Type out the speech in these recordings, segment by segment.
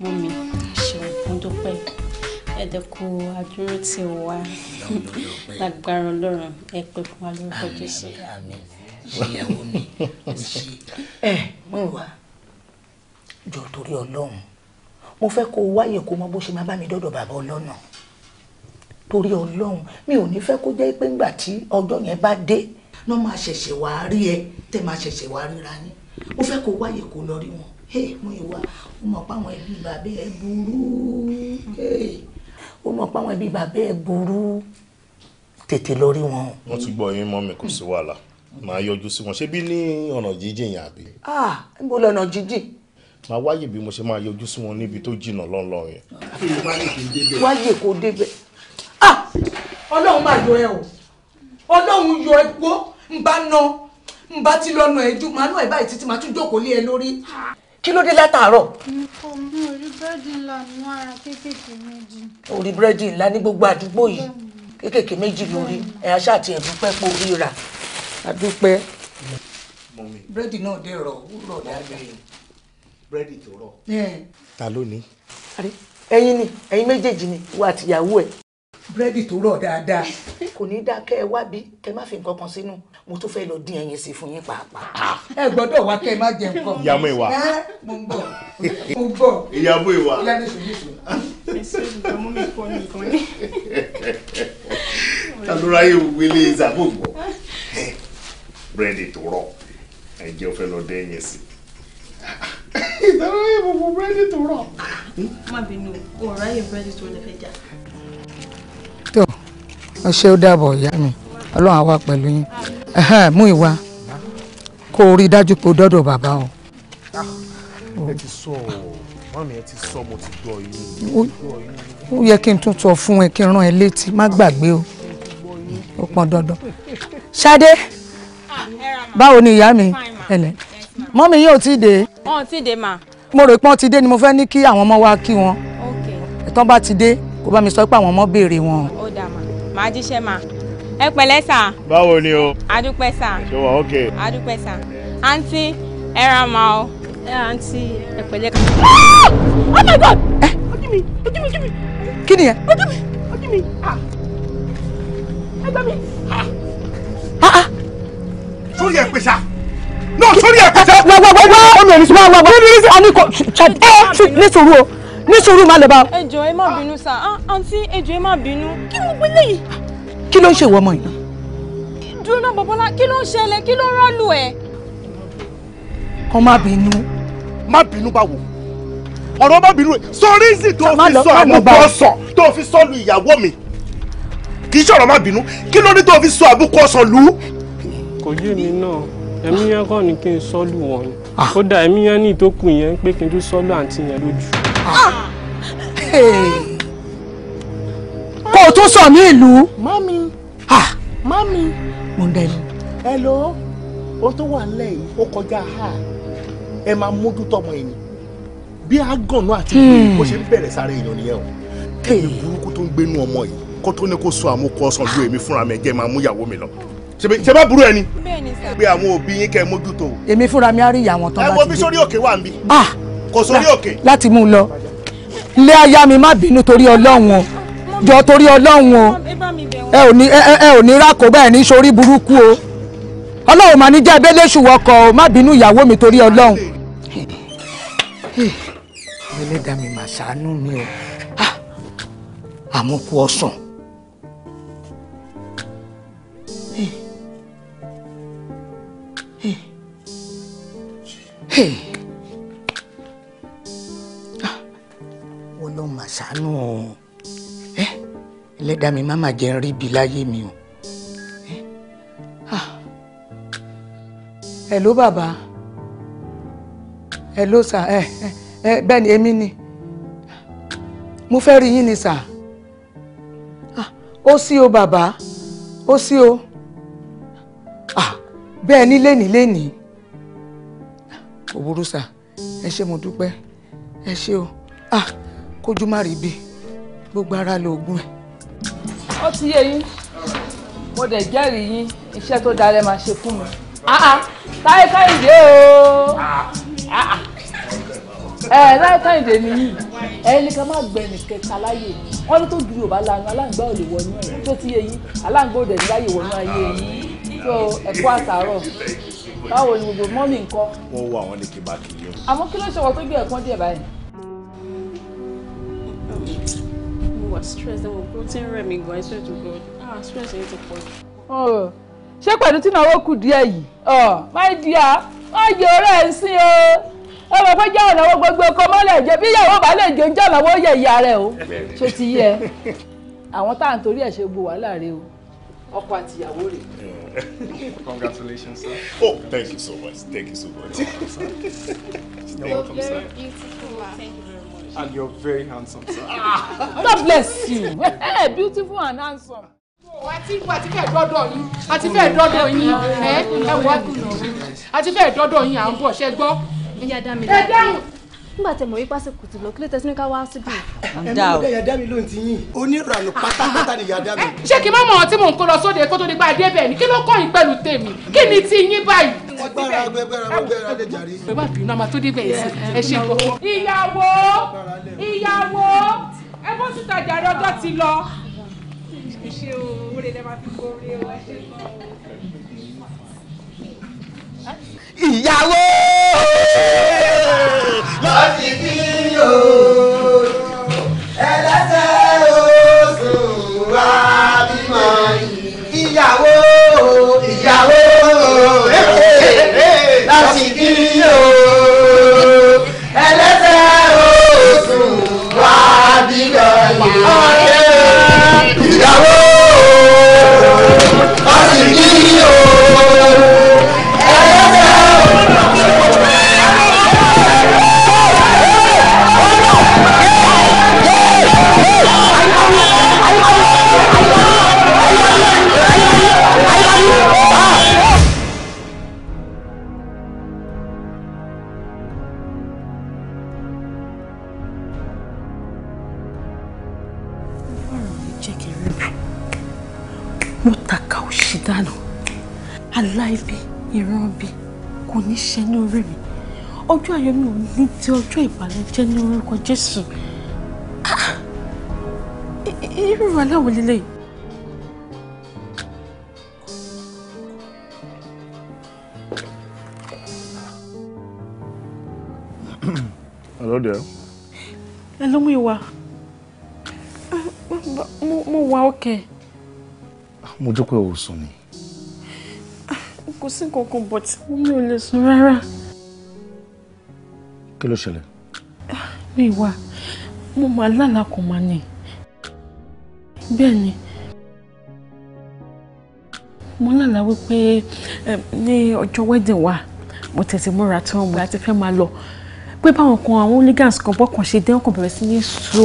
Mummy ṣeun mo dúpẹ́ ẹ̀dẹ̀kù àdúró tí ò wá lágbára ọlọ́run ẹ pé fún wa lórúkọ Jésù. ìyàwó mi ẹ mú wa jọ torí ọlọ́run mo fẹ́ kó o wáyè kó mọ bó ṣe máa bá mi dọ́dọ̀ bàbá ọlọ́nà torí ọlọ́run mi ò ní fẹ́ kó jẹ́ pé ńgbà tí ọjọ́ yẹn bá dé náà máa ṣẹ̀ṣẹ̀ wá rí ẹ tẹ́ máa ṣẹ̀ṣẹ̀ wá ríra yín mo fẹ́ kó o wáyè kó lọ rí wọn. mo ìwà ó mọ̀ páwọn ẹbí bàbá ẹ burú tètè lórí wọn. wọ́n ti gbọ́ yín kò sí wàhálà yọjú sí wọn ní ọ̀nà jíjìn àbí. ah níbo lọ́nà jíjìn. màá wáyè bí mo ṣe máa yọjú sí wọn níbi tó jìnnà lọ́nlọ́ yẹn. wáyè kò débẹ̀. ah ọlọ́run máa yọ ẹ o ọlọ́run yọ ẹ bá ti lọ́nà báyìí títí kí ló dé látàárọ̀. nǹkan mi ò rí búrẹ́dì ńlá mú ara kéékèèké méjì. ò rí búrẹ́dì ńlá ní gbogbo àdúgbò yìí kéékèèké méjì lórí ẹ̀yà ṣáàtì ẹ̀dúpẹ́ pò ríra àdúpẹ́. búrẹ́dì náà dé rọ ó rọ dáadáa. búrẹ́dì tó rọ. ta ló ní. ẹ̀yin ni ẹ̀yin méjèèjì ni wà àtìyàwó ẹ̀ búrẹ́dì tó rọ̀ dáadáa. kò ní dáa kẹ́ ẹ wá bí kẹ́ ẹ má fi nǹkan kan sínú mo tún fẹ́ lọ dín ẹyin sí fún yín pàápàá. ẹ gbọ́dọ̀ wá kẹ́ ẹ má jẹ nǹkan. ìyàmú ìwà. mo ń bọ̀ mo ń bọ̀. ìyàmú ìwà. ìlànà ìṣòwò ìṣòwò. ẹsẹ̀ ìdààmú mi kọ́ nìkan ni. alóra yẹ wele ìzàbọ̀gbọ̀ búrẹ́dì tó rọ̀ ẹ jẹ́ fẹ́ lọ dín ẹyin sí ìdáná yẹ gbogbo búrẹ́dì tó rọ̀. má bínú o ò ráyè búrẹ́dì tó lè fẹ́ jà ó ṣe ó dàbọ̀ ìyá mi ọlọ́run á wà pẹ̀lú yín mú ìwà kó o rí dájú pé o dọ́dọ̀ bàbá o. Ah, ẹ ti sọ ọ mọ́mí ẹ ti sọ mo ti gbọ́ yín. ó yẹ kí n tún sọ fún ẹ kí n rán ẹ létí má gbàgbé o ó pọn dandan. ṣadé báwo ni ìyá mi ẹlẹ mọ́mí yóò ti dé. wọn ti dé mà. mo rò pé wọn ti dé ni mo fẹ́ ní kí àwọn ọmọ wa kí wọn. tán bá ti dé kó bá mi sọ pé àwọn ọmọ béèrè wọn. ó dà mà màá jíṣẹ́ mà ẹ pẹ̀lẹ́ sà. báwo ni o. adúpẹ́ sà. ṣé wà ok. adúpẹ́ sà. àǹtí ẹ ra ma o. ẹ àǹtí ẹ pẹ̀lẹ́ ká. Ah! oh my god. ẹ eh, ojú mi ojú mi ojú mi. kí ni ẹ. ojú mi ojú mi. Ah! ẹ gbà mí. Ah! sórí ẹ pé sá no sórí ẹ pé sá. wá wá wá wá. ọmọ ìrísí wá wá wá. ọmọ ìrísí. a ní kò ṣe ẹ ṣe eh, ní sòrò o ní sùúrù má lè bá. ẹ jọ̀ọ́ ẹ má bínú sà ah, àǹtí ẹ jọ̀ọ́ ẹ má bínú kí ló gbélé yìí. kí ló ń ṣèwọ ọmọ yìí. dúró náà bọ̀bọ́lá kí ló ń ṣẹlẹ̀ kí ló ń rọ́ọ̀lù ẹ̀. kọ́ má bínú. má bínú báwo ọ̀rọ̀ má bínú sọrí ìsì tó fi sọ àbúkọ sọ tó fi sọ lu ìyàwó mi kì í ṣọ̀rọ̀ má bínú kí ló ní tó fi sọ àbúkọ sọ lù ú. kò yé mi náà ẹ̀mí yẹn kọ́ ni kí n sọ lù wọ́n ah. ó dà ẹ̀mí yẹn ní ìtókù yẹn pé kí n tún sọ àǹtí yẹn lójú kó o tún sọ ní ìlú. mami mami mo ń dẹ ní. o tó wà nílẹ̀ yìí ó kọjá ha ẹ máa mójútó ọmọ ẹni bí agànnú àti ìlú bó ṣe ń bẹ̀rẹ̀ sára èèyàn nìyẹn o kẹ́mi burúkú tó ń gbénú ọmọ yìí kó tó ní kó sọ àmúkọ ọsàn ju èmi fúnra mi jẹ́ máa mú ìyàwó mi lọ ṣe bá burú ẹni pé àwọn òbí yín kẹ́ mójútó. èmi fúnra mi á rí ìyàwó tán bá ti dé. ẹ wo bí sórí òkè wà ń bí. ah kò sórí òkè. láti mú un lọ ilé aya mi má bínú torí ọlọ́run o jọ torí ọlọ́run o ẹ ò ní ẹ ò ní rákò bẹ́ẹ̀ ní sórí burúkú o ọlọ́run mà ní jẹ́ ebéléṣù wọkọ̀ o má bínú ìyàwó mi torí ọlọ́run. ẹlẹ́dàá mi mà ṣàánú mi o ah! àmúkú ọ̀sán. Hey. Eh. Eh. Eh. ìwọ lọ mà ṣàánú o ẹ ẹlẹ́dàá mi má má jẹ́ ń rí ibi láyé mi o ẹ ló bàbá ẹ ló sà ẹ ẹ bẹ́ẹ̀ ni èmi ni mo fẹ́ rí yín ni sà ó sí o bàbá ó sí o bẹ́ẹ̀ ni lénìí lénìí òwúrú sà ẹ ṣé mo dúpẹ́ ẹ ṣé o ah kójú má rí bí gbogbo ara lóògùn ẹ̀. ó ti yé yín mo dẹ̀ jẹ́rìí yín iṣẹ́ tó dára máa ṣe fún mi. Ah, ah. táyé káyìndé o ah, ẹ láyé káyìndé ni yìí ẹni ká má gbẹ nìkẹ́ kaláyè wọn ní tó ju yorùbá lanu aláǹgbá ò lè wọnú ẹ tó ti yé yín aláǹgbá ò dẹ̀ ní láyè wọnú ayé yín tó ẹ̀kọ́ àtàárọ̀ báwo ni gbogbo mọ́mì ń kọ́. wọ́n wọ àwọn ní kí bá kiri. àmọ́ kí ló ṣe wọ́n tó gbé ẹ̀kọ́ díẹ̀ báyìí mo wà stress ẹ̀ mo kúrò tí ń rẹ̀ mí gan ah stress yìí ti pọ̀ jù. Oh, ṣé pẹ̀lú tí ìnáwó kù díẹ̀ yìí oh, my dear wọ́n yọ ọ̀rẹ́ ẹ̀ sí o ẹ mọ̀ pé jẹ́ ọ̀nàwó gbogbo ọkọ mọ́lẹ̀ jẹ́ bí ìyàwó bá lè jẹun jẹ́ ọ̀nàwó yẹ ìyá rẹ̀ o ṣó ti yẹ àwọn tá à ń torí ẹ̀ ṣe gbò wàhálà rẹ o ọkọ àti ìyàwó rẹ. Congratulations, sir. Oh, thank you so much. Thank you so much. You're welcome, very beautiful. Thank you very much. And you're very handsome, sir. God bless you. Hey, beautiful and handsome. àti àti fẹ́ẹ̀ dọ́dọ̀ yín àti fẹ́ẹ̀ dọ́dọ̀ yín ẹ wá kùnà àti fẹ́ẹ̀ dọ́dọ̀ yín à ń bọ̀ ṣẹ́ ẹ dáhùn nígbà tí mo rí pásìkò tìlọ kí ló tẹ sínú ká wá síbí. ẹnu ọdẹ yàda mi ló ń ti yín onírànù ah, pátápátá ah, ni yàda mi. Ah. ṣé kí n má mọ ọtí mò ń kó lọ sóde kó tó di gbà dé bẹ́ẹ̀ ni kí ló kọ́ yín pẹ̀lú tèmi kí ni ti yín báyìí. agbára agbára agbára lè jàre. ẹ má bínú àmà tó dé bẹ́ẹ̀ ẹ ṣe kọ. ìyàwó ìyàwó ẹ bó tún tajà rẹ ọjọ́ ti lọ. ìyàwó ẹlẹ́sẹ̀ oṣù wa bímọ ìyàwó. ṣe ní orí mi ọjọ́ ayọ̀ mi ò ní di ọjọ́ ìbànújẹ́ ní orúkọ Jésù irú aláwọ̀ lélẹ́yìí. Hello there. Hello, mo wà. Mo wà okay. Mo jókòó ìwòsàn ni kò sí nǹkan kan bọ̀ tí mi ò lè sùn rárá. kí ló ṣẹlẹ̀. mi wá mo máa lálàkùnmá ni bẹ́ẹ̀ ni mo lálàá wípé eh, ní ọjọ́ wedding wa mo tètè múra tán mo láti fẹ́ máa lọ pé báwọn kan àwọn oligans kan bọ́kàn ṣe dé wọn kò bẹ̀rẹ̀ sí ní sọ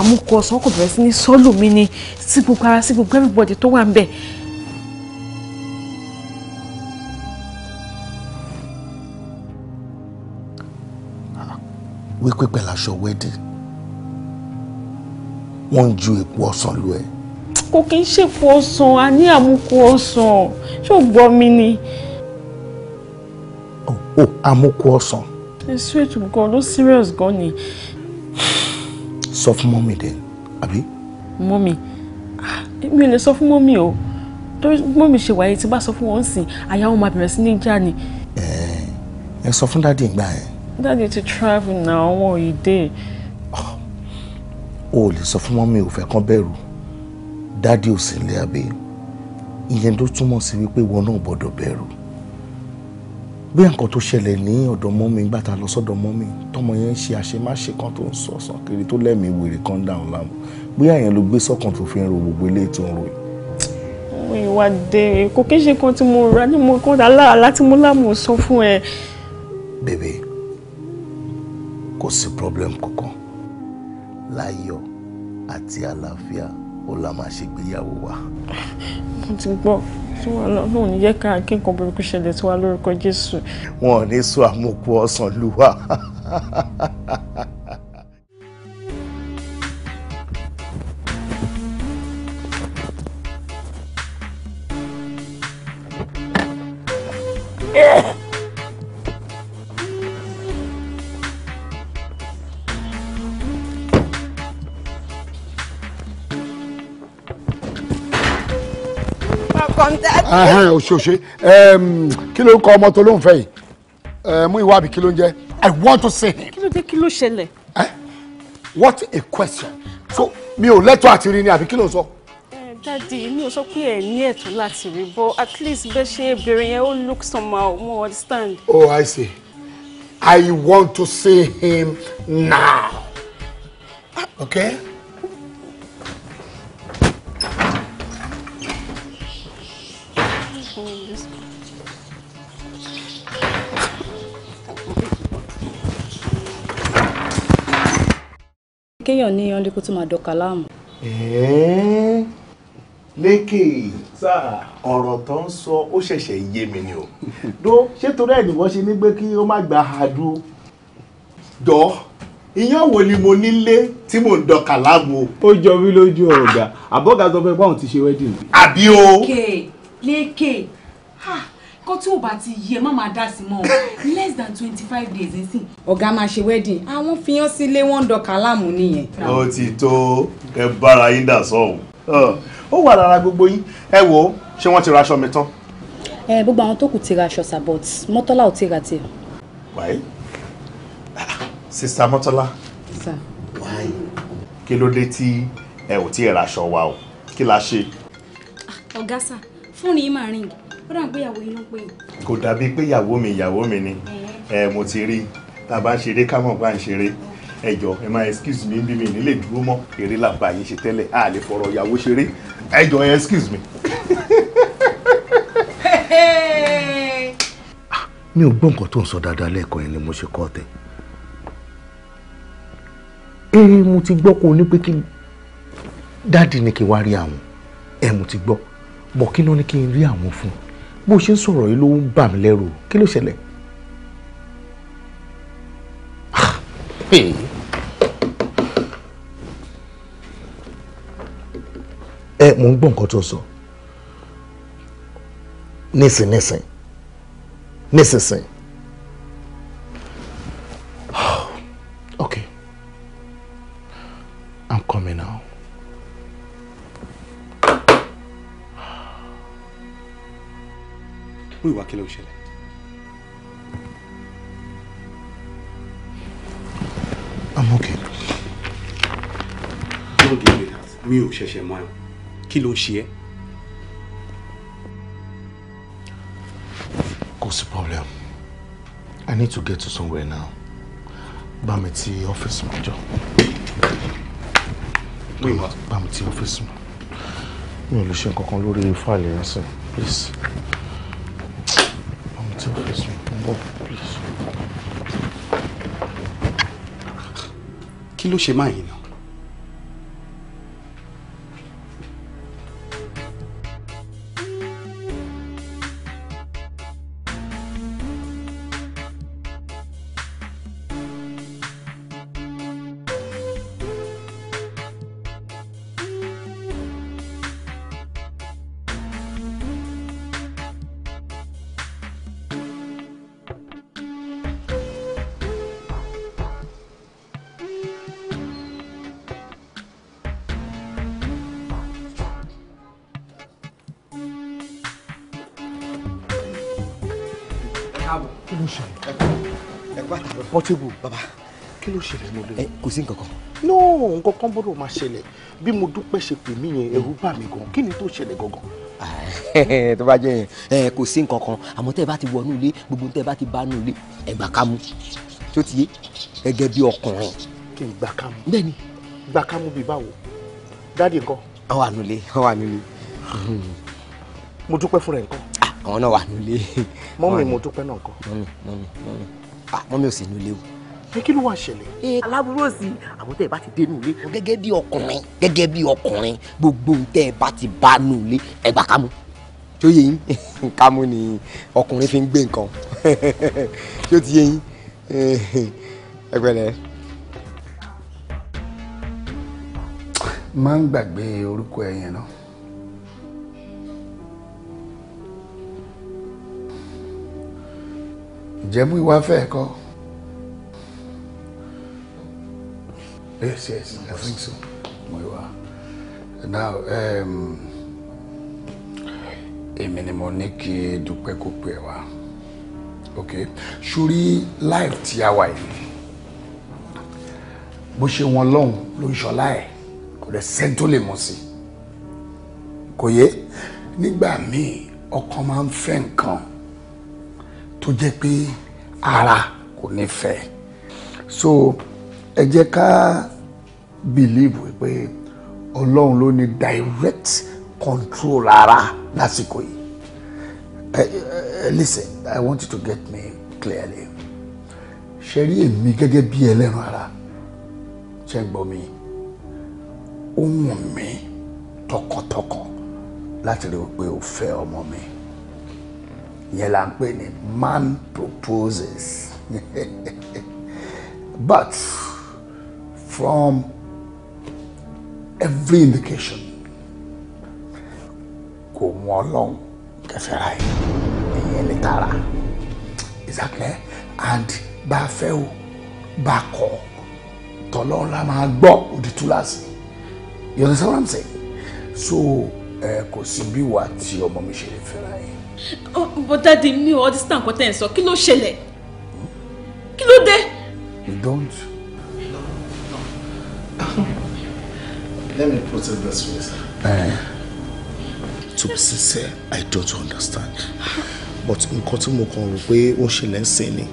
amúkọ eh, ọ̀sán wọn kò bẹ̀rẹ̀ sí ní sọ́ọ̀lù mi ni sí gbogbo ara sí gbogbo everybody tó wà ń bẹ̀ wípé pẹ̀lú aṣọ wẹ́dì wọ́n ń ju èpo ọsàn lu ẹ̀. kò kí n ṣèpo ọsàn a ní àmúkù ọsàn ṣó gbọ́ mi ni. o oh, àmúkù ọsàn. ẹ sweet gan ló serious gan ni. sọ fún mọ́mì dẹ̀ àbí. mọ́mì ah, mi ò lè sọ fún mọ́mì o torí mọ́mì ṣe wáyé tí bá sọ fún wọn sìn àyà wọn máa bẹ̀rẹ̀ sí ní já ni. ẹ ẹ sọ fún dádì ìgbà yẹn. Daddy ti travel náà wọn ò dé. o lè sọ fún mọ́mí ò fẹ́ kán bẹ̀rù dáàdi ò sí ilé abẹ́ ìyẹn tó túmọ̀ sí wípé wọn náà gbọ́dọ̀ bẹ̀rù bí nǹkan tó ṣẹlẹ̀ ní ọ̀dọ̀ mọ́mí nígbà tá a lọ sọ́dọ̀ mọ́mí tọmọ yẹn ń ṣe àṣemáṣe kan tó ń sọ ọ̀sán kiri tó lẹ́mìí wèrè kan dáhùn láàmú bóyá yẹn ló gbé sọ́kàn tó fi ń ro gbogbo ilé tó ń ro yìí ìwà dèrè kò kí ṣe kan tí mo rà ní mo kọ́ da lára láti mú lámù sọ fún ẹ. bèbè kò sí problem kankan láyọ̀ àti àlàáfíà ó la máa ṣègbéyàwó wa. mo ti gbọ́ tí wọ́n lọ náà ní yẹ ká akẹ́kọ̀ọ́ burúkú ṣẹlẹ̀ tí wọ́n lórúkọ jésù. wọn ò ní sọ àmúkú ọ̀sán lù Yeah. òṣèṣe kí ló ń kọ ọmọ tó ló ń fẹ́ yìí mú ìwà àbí kí ló ń jẹ́ i want to see him. kí ló dé kí ló ṣẹlẹ̀. Eh? what a question so mi ò lẹ́tọ̀ọ́ àti rí ni àbí kí ló ń sọ. Eh, dadi mi ò sọ pé ẹ ní ẹ̀tọ́ láti rí bọ at least bẹ ṣe bèrè yẹn ó look somehow mo understand. oh i see i want to see him now okay. kéèyàn ní ọdún kó tún máa dọ̀ka láàmú. lékè ọ̀rọ̀ tó ń sọ ó ṣẹ̀ṣẹ̀ yé mi ni o dó ṣé torí ẹ̀ nìwọ́n ṣe ní pé kí ó má gba àdú jọ ìyẹn wo ni mo nílé tí mò ń dọ̀ka láàmú o. ó jọ mí lójú ọ̀gá àbọ̀gá sọ fẹ́ pé àwọn ti ṣe wedding. àbí o. lékè lékè kó tí ò bá ti yẹ má máa dá sí mọ́ ọ less than twenty five days nsìn. ọ̀gá máa ṣe wedding àwọn fi hàn sílé wọ́n ń dọ̀kà láàmú nìyẹn. ó ti tó ẹ bára yín dà sọ́hùn ó wà lára gbogbo yín ẹ wò ó ṣé wọ́n ti raṣọ mi tán. ẹ gbogbo àwọn tó kù ti raṣọ sir but ò ti ra tiẹ̀. wáyé sista mọ́tọ́lá wáyé kí ló dé tí ẹ ò tí ì raṣọ wa o kí la ṣe. Ah, ọ̀gá sà fóònù yìí máa ríngì ó dà pé ìyàwó yín ló pè yín. kò dàbí pé ìyàwó mi ìyàwó mi ni ẹ mo ti rí tá a bá ń ṣeré ká mọ̀ bá ń ṣeré ẹ jọ̀ọ́ ẹ máa excuse me bí mi nílé dúró mọ́ eré làbá yín ṣe tẹ́lẹ̀ a lè fọ̀rọ̀ ìyàwó ṣeré ẹ jọ̀ọ́ excuse me. Ah, mi ò gbọ́ nǹkan tó ń sọ dáadáa lẹ́ẹ̀kan yẹn ni mo ṣe kọ́ tẹ̀ ee mo ti gbọ́ kó o ní pé kí dáàdì ni kí n wá rí àwọn ẹ mo ti gbọ́ bọ̀ kí ló ní kí n rí àwọn fún un bó ṣe ń sọ̀rọ̀ yìí ló ń bà mí lẹ́rù kí ló ṣẹlẹ̀. Ah, ẹ mò ń gbọ́ nǹkan tó sọ nísìn nísinsìn I'm coming now. mú ìwà kí ló ṣẹlẹ̀. I'm okay. Don't give me that. Mi ò ṣẹ̀ṣẹ̀ mọ́ ẹ. Kí ló ṣe ẹ́? Kò sí problem. I need to get to somewhere now. Bá mi ti ọ́fíìsì mi jọ. Bá mi ti ọ́fíìsì mi. Mi ò lè ṣe nǹkan kan lórí fáìlì yẹn please kí ló ṣe máa yìí náà. káàbọ̀. kí ló ṣẹlẹ̀. ẹ kú àtàrọ. no nǹkan kan gbọ́dọ̀ máa ṣẹlẹ̀ bí mo dúpẹ́ ṣe pè mí yẹn ẹ̀rù bà mí gan kí ni tó ṣẹlẹ̀ gangan tó bá jẹ yẹn kò sí nǹkan kan àmọ́ tẹ́ ẹ bá ti wọnú ilé gbogbo tẹ́ ẹ bá ti bánú ilé ẹ gbà kámú tó ti yé gẹ́gẹ́ bí ọkùnrin. kí n gbà kámú. bẹ́ẹ̀ni. gbà kámú bíi báwo dáàdi nǹkan. ọ wà nulẹ̀ ọ wà nulẹ̀. mo dúpẹ́ fún rẹ̀ nǹkan àwọn náà wà nílé. mọ́mì mo dúpẹ́ náà kọ́. mọ́mì mọ́mì mọ́mì ah mọ́mì ò sí nílé o. pé kí ló wà ṣẹlẹ̀. ee aláburú sí àwọn tẹ́ ẹ bá ti dé nùlé. gẹ́gẹ́ bí ọkùnrin gẹ́gẹ́ bí ọkùnrin gbogbo tẹ́ ẹ bá ti bá nùlé ẹgbà kámú tó yẹ yín kámú ni ọkùnrin fi ń gbé nǹkan tó ti yẹ yín ẹgbẹ́lẹ́. máa ń gbàgbé orúkọ ẹ̀yẹn náà. jẹ́mú ìwà fẹ́ kọ́. yes yes i think so mo ìwà now um, èmi ni mo ní kí dúpẹ́ kó pè wá ok sórí life tí a wà yìí bó ṣe wọn lọ́hùn ló ń ṣọlá ẹ̀ kò dẹ̀ sẹ́ni tó lè mọ̀ sí i kò yé nígbà míì ọkàn máa ń fẹ́ nǹkan tó jẹ́ pé ara kò ní fẹ́ so ẹ jẹ́ ká believe wípé ọlọ́run ló ní direct control ara lásìkò yìí listen I want you to get me clearly ṣe rí èmi gẹ́gẹ́ bí ẹlẹ́ran ara ṣe ń gbọ́ mi ó wùn mí tọkàntọkàn láti rí i pé o fẹ́ ọmọ mi ìyẹn là ń pè ní man proposes but from every indication kò mú ọlọ́run kẹfẹ́ra yìí ìyẹn ní tara is and bá a fẹ́ o bá a kọ̀ tọ́lọ́run la máa gbọ́ òdì túláàsì you understand so eh, kò sí bí wàá tí ọmọ mi ṣe lè fẹ́ra yìí but daddy mi ò understand nǹkan content so, ń sọ kí ló ṣẹlẹ̀ kí you don't. No, no. let me put it this way. Uh, to be sincere i don't understand but in tí mo we rò pé ó ṣẹlẹ̀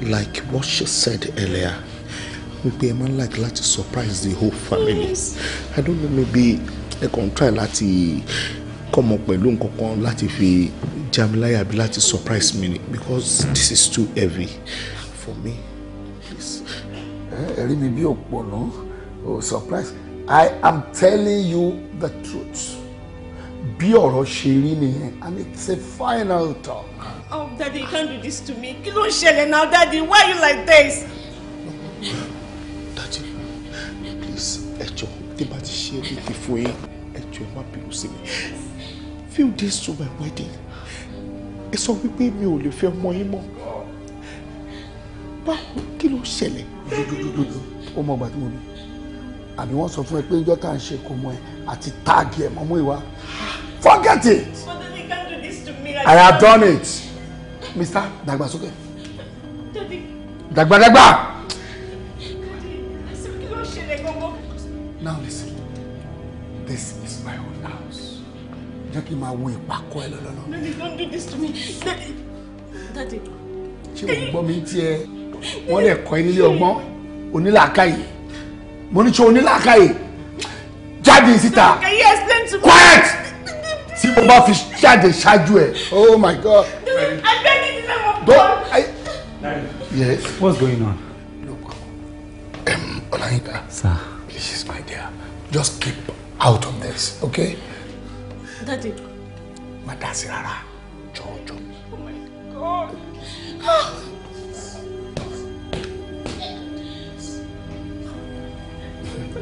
like what she said earlier we ẹ a man like that to surprise the whole family i don't know maybe ẹ kàn try láti. Like kọmọ pẹ̀lú nǹkan kan láti fi jamiláyà bí láti surprise me because this is too heavy for me please. ẹ rí mi bí òpó náà o oh, surprise I am telling you the truth bí ọ̀rọ̀ ṣe rí nìyẹn and it's a final talk. oh daddy you can't do this to me kí ló ń ṣẹlẹ̀ now daddy why you like this. daddy please ẹ jọ̀ọ́ tí bá ti ṣe é bí ti fún yín ẹ jọ̀ọ́ má bínú sí mi few days to my wedding ẹ sọ wípé mi ò lè fẹ́ ọmọ yín mọ́ báwo kí ló ṣẹlẹ̀. dúdúdúdú ó mọ gbàdúrà mi àbí wọ́n sọ fún ẹ pé ìjọ tá à ń ṣe kò mọ ẹ àti táàgì ẹ mọ́mú ìwà forget it i have done it mr dàgbàsókè Dagba. jẹ́ kí n máa wo ìpàkọ́ ẹ lọ́lọ́lọ́. don't do this to me. Daddy. Daddy. ṣé o gbọ́ mi tiẹ̀ wọ́n lè kọ́ ẹ nílé ọgbọ́n onílàákàyè mo ní sọ onílàákàyè jáde síta. Can you to me? Quiet! tí mo bá fi jáde ṣáájú ẹ oh my God. Daddy, I'm begging you now. Don't. Yes. What's going on? Look, um, Olayinka. Sir. this is my dear, just keep out of this, okay? Daddy. Má dá sí rárá. Jọ̀ọ́ jọ̀ọ́. Oh my God. Ah.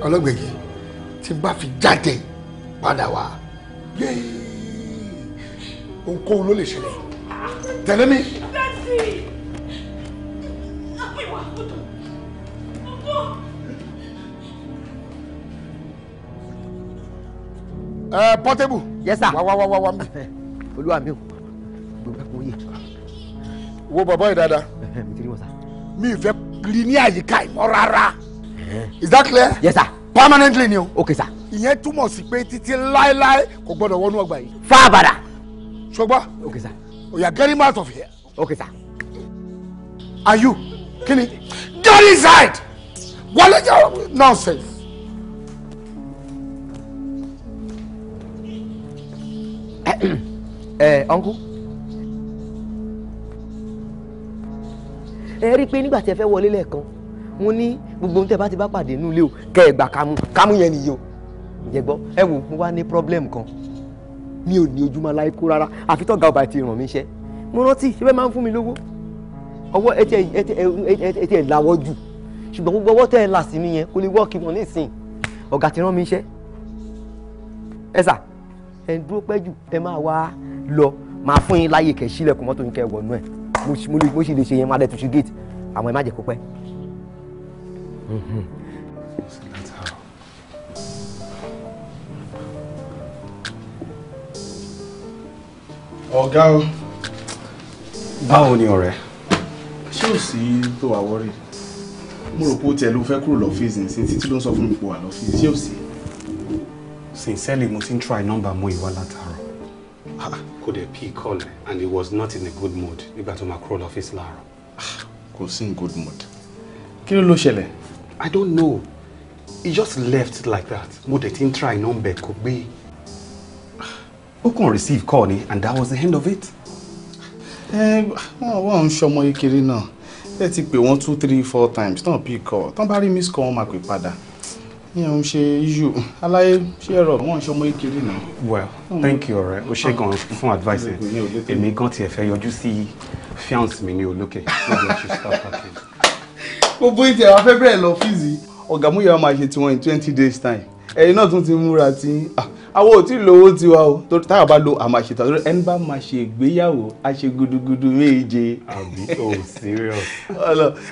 Ọlọ́gbẹ̀gì tí bá fi jáde padà wá. Ohunkóhun ló lè ṣẹlẹ̀. Tẹ̀lé mi. Daddy. Àpèwà, ó tó. Ó tó. ẹ eh, Portable. yes sir. wá wá wá wá wá mi. olúwa mi o gbogbo ẹkún yé. wo bàbá yìí dáadáa. Eh, mi ti rí wọn sá. mi fẹ́ rí eh. is that clear. yes sir. permanently ni o. ok sir. ìyẹn túmọ̀ sí pé títí láéláé kò gbọ́dọ̀ wọnú ọgbà yìí. fáabàdà. ṣùgbọ́n. ok sir. o yà getting out of here. ok sir. are you kini. get inside. wọlé jẹ́ nonsense. ẹ ọ̀nkú. Eh, ẹ rí i pé nígbà tí ẹ fẹ́ wọlé lẹ́ẹ̀kan mo ní gbogbo ohun tẹ́ bá ti bá pàdé nílé o kẹ́ ẹ gbà kámú kámú yẹn nìyí o ǹjẹ́ gbọ́ ẹ wò mo wá ní problem kan mi ò ní ojúmọ́ láì kó rárá àfi tọ́ga ọba ti ràn mí iṣẹ́ mo rántí ṣé bẹ́ẹ̀ máa ń fún mi lówó ọwọ́ ẹ tiẹ̀ ẹ tiẹ̀ ẹ tiẹ̀ làwọ́ jù ṣùgbọ́n gbogbo ọwọ́ tẹ́ ẹ là sí mi yẹn kò lè wọ́ọ̀kì wọn nísìnyí ọ̀gá ti rán mi iṣẹ́ ẹ sà ẹ ń dúró pẹ́ jù ẹ máa wá lọ máa fún yín láyè kẹ̀ sílẹ̀kùn mọ́tò yín kẹ́ wọnú ẹ̀ mo sì lè ṣe yẹn máa dẹ̀ tún ṣe gate àmọ́ ẹ má jẹ́ kó pẹ́. ọ̀gá o báwo ni ọ̀rẹ́ ṣé ò sí tó wà wọ́rì mo rò pé ó tiẹ̀ ló fẹ́ kúrò lọ́fíìsì ní títí ló ń sọ fún mi pé wà lọ́fíìsì ṣé ò sí sincerely mo ti ń try number mo ìwà látàárọ̀. kò dé pí call and he was not in a good mood nígbà tó máa crawl office láàárọ̀. kò sí in good mood. kí ló ló ṣẹlẹ̀. I don't know he just left like that mo dẹ̀ ti try number kò gbé. ó kàn receive call ni and that was the end of it. ẹ wọn wọn ń ṣọmọ kékeré náà ẹ ti pè wọn two three four times náà pí call tán bá rí miss call wọn máa pè padà ìyẹn ń ṣe iyù aláyé ṣé ẹ̀rọ wọn ṣe ọmọ ìkiri náà. well hmm. thank you ọ̀rẹ́ o ṣe gan hmm. fún advice èmi gan tiẹ̀ fẹ́ yọjú sí fiance mi ní olókè lọ́dọ̀ ṣe staff package. gbogbo ìtì àwọn afẹ́ bẹ̀rẹ̀ lọ fíìsì ọ̀gá múyà máa ṣe tiwọn in twenty days time ẹ̀yin náà tún ti múra tí ah, àwọn ò tí ì lówó tiwa o tó tá a bá lo àmà ṣètò àdúrà ẹni bá máa ṣe ìgbéyàwó a ṣe gudugudu méje. àbí o oh, serious.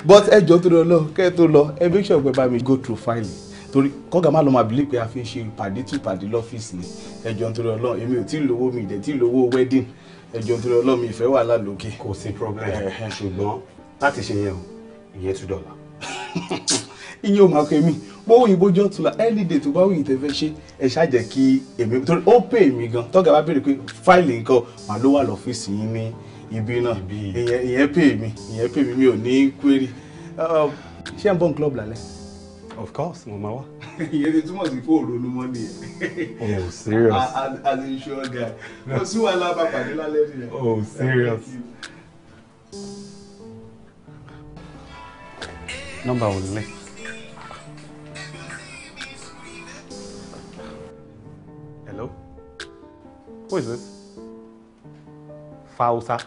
but ẹjọ́ tó lọ kẹ́ tó lọ ẹ bí sọ̀gbẹ́ bá mi go through filing torí kọ́gà má lọ máa believe pé a fi ń ṣe ìpàdé tù ìpàdé lọ́fíìsì ni ẹjọ́ nítorí ọlọ́run èmi ò tí ì lówó mi ìdẹ̀ tí lówó wedding ẹjọ́ nítorí ọlọ́run mi ìfẹ́ wà lálòkè. kò sí problem ṣùgbọ́n láti ṣe yẹn o ìyẹn tún dọ̀la. iye o máa kọ èmi mo wo ìbò jọ tula any day tó bá wù yìí tẹ́fẹ́ ṣe ẹ ṣàjẹ́ kí èmi torí ó pè mí gan tọ́gà bá béèrè pé fáìlì nǹkan màá ló wà lọ́fíìsì yín ní ibi náà ìyẹn pè mí ìyẹn pè mí mi ò ní query um, ṣé ń bọ́ ń club lálẹ́ of course Mama. máa wá. ìyẹn ti túmọ̀ sí fóònù olúmọ oh serious. as as in sure guy mo sí wàhálà bá pàdé lálẹ́ nìyẹn. oh serious. Number one. hello who is this. Fausa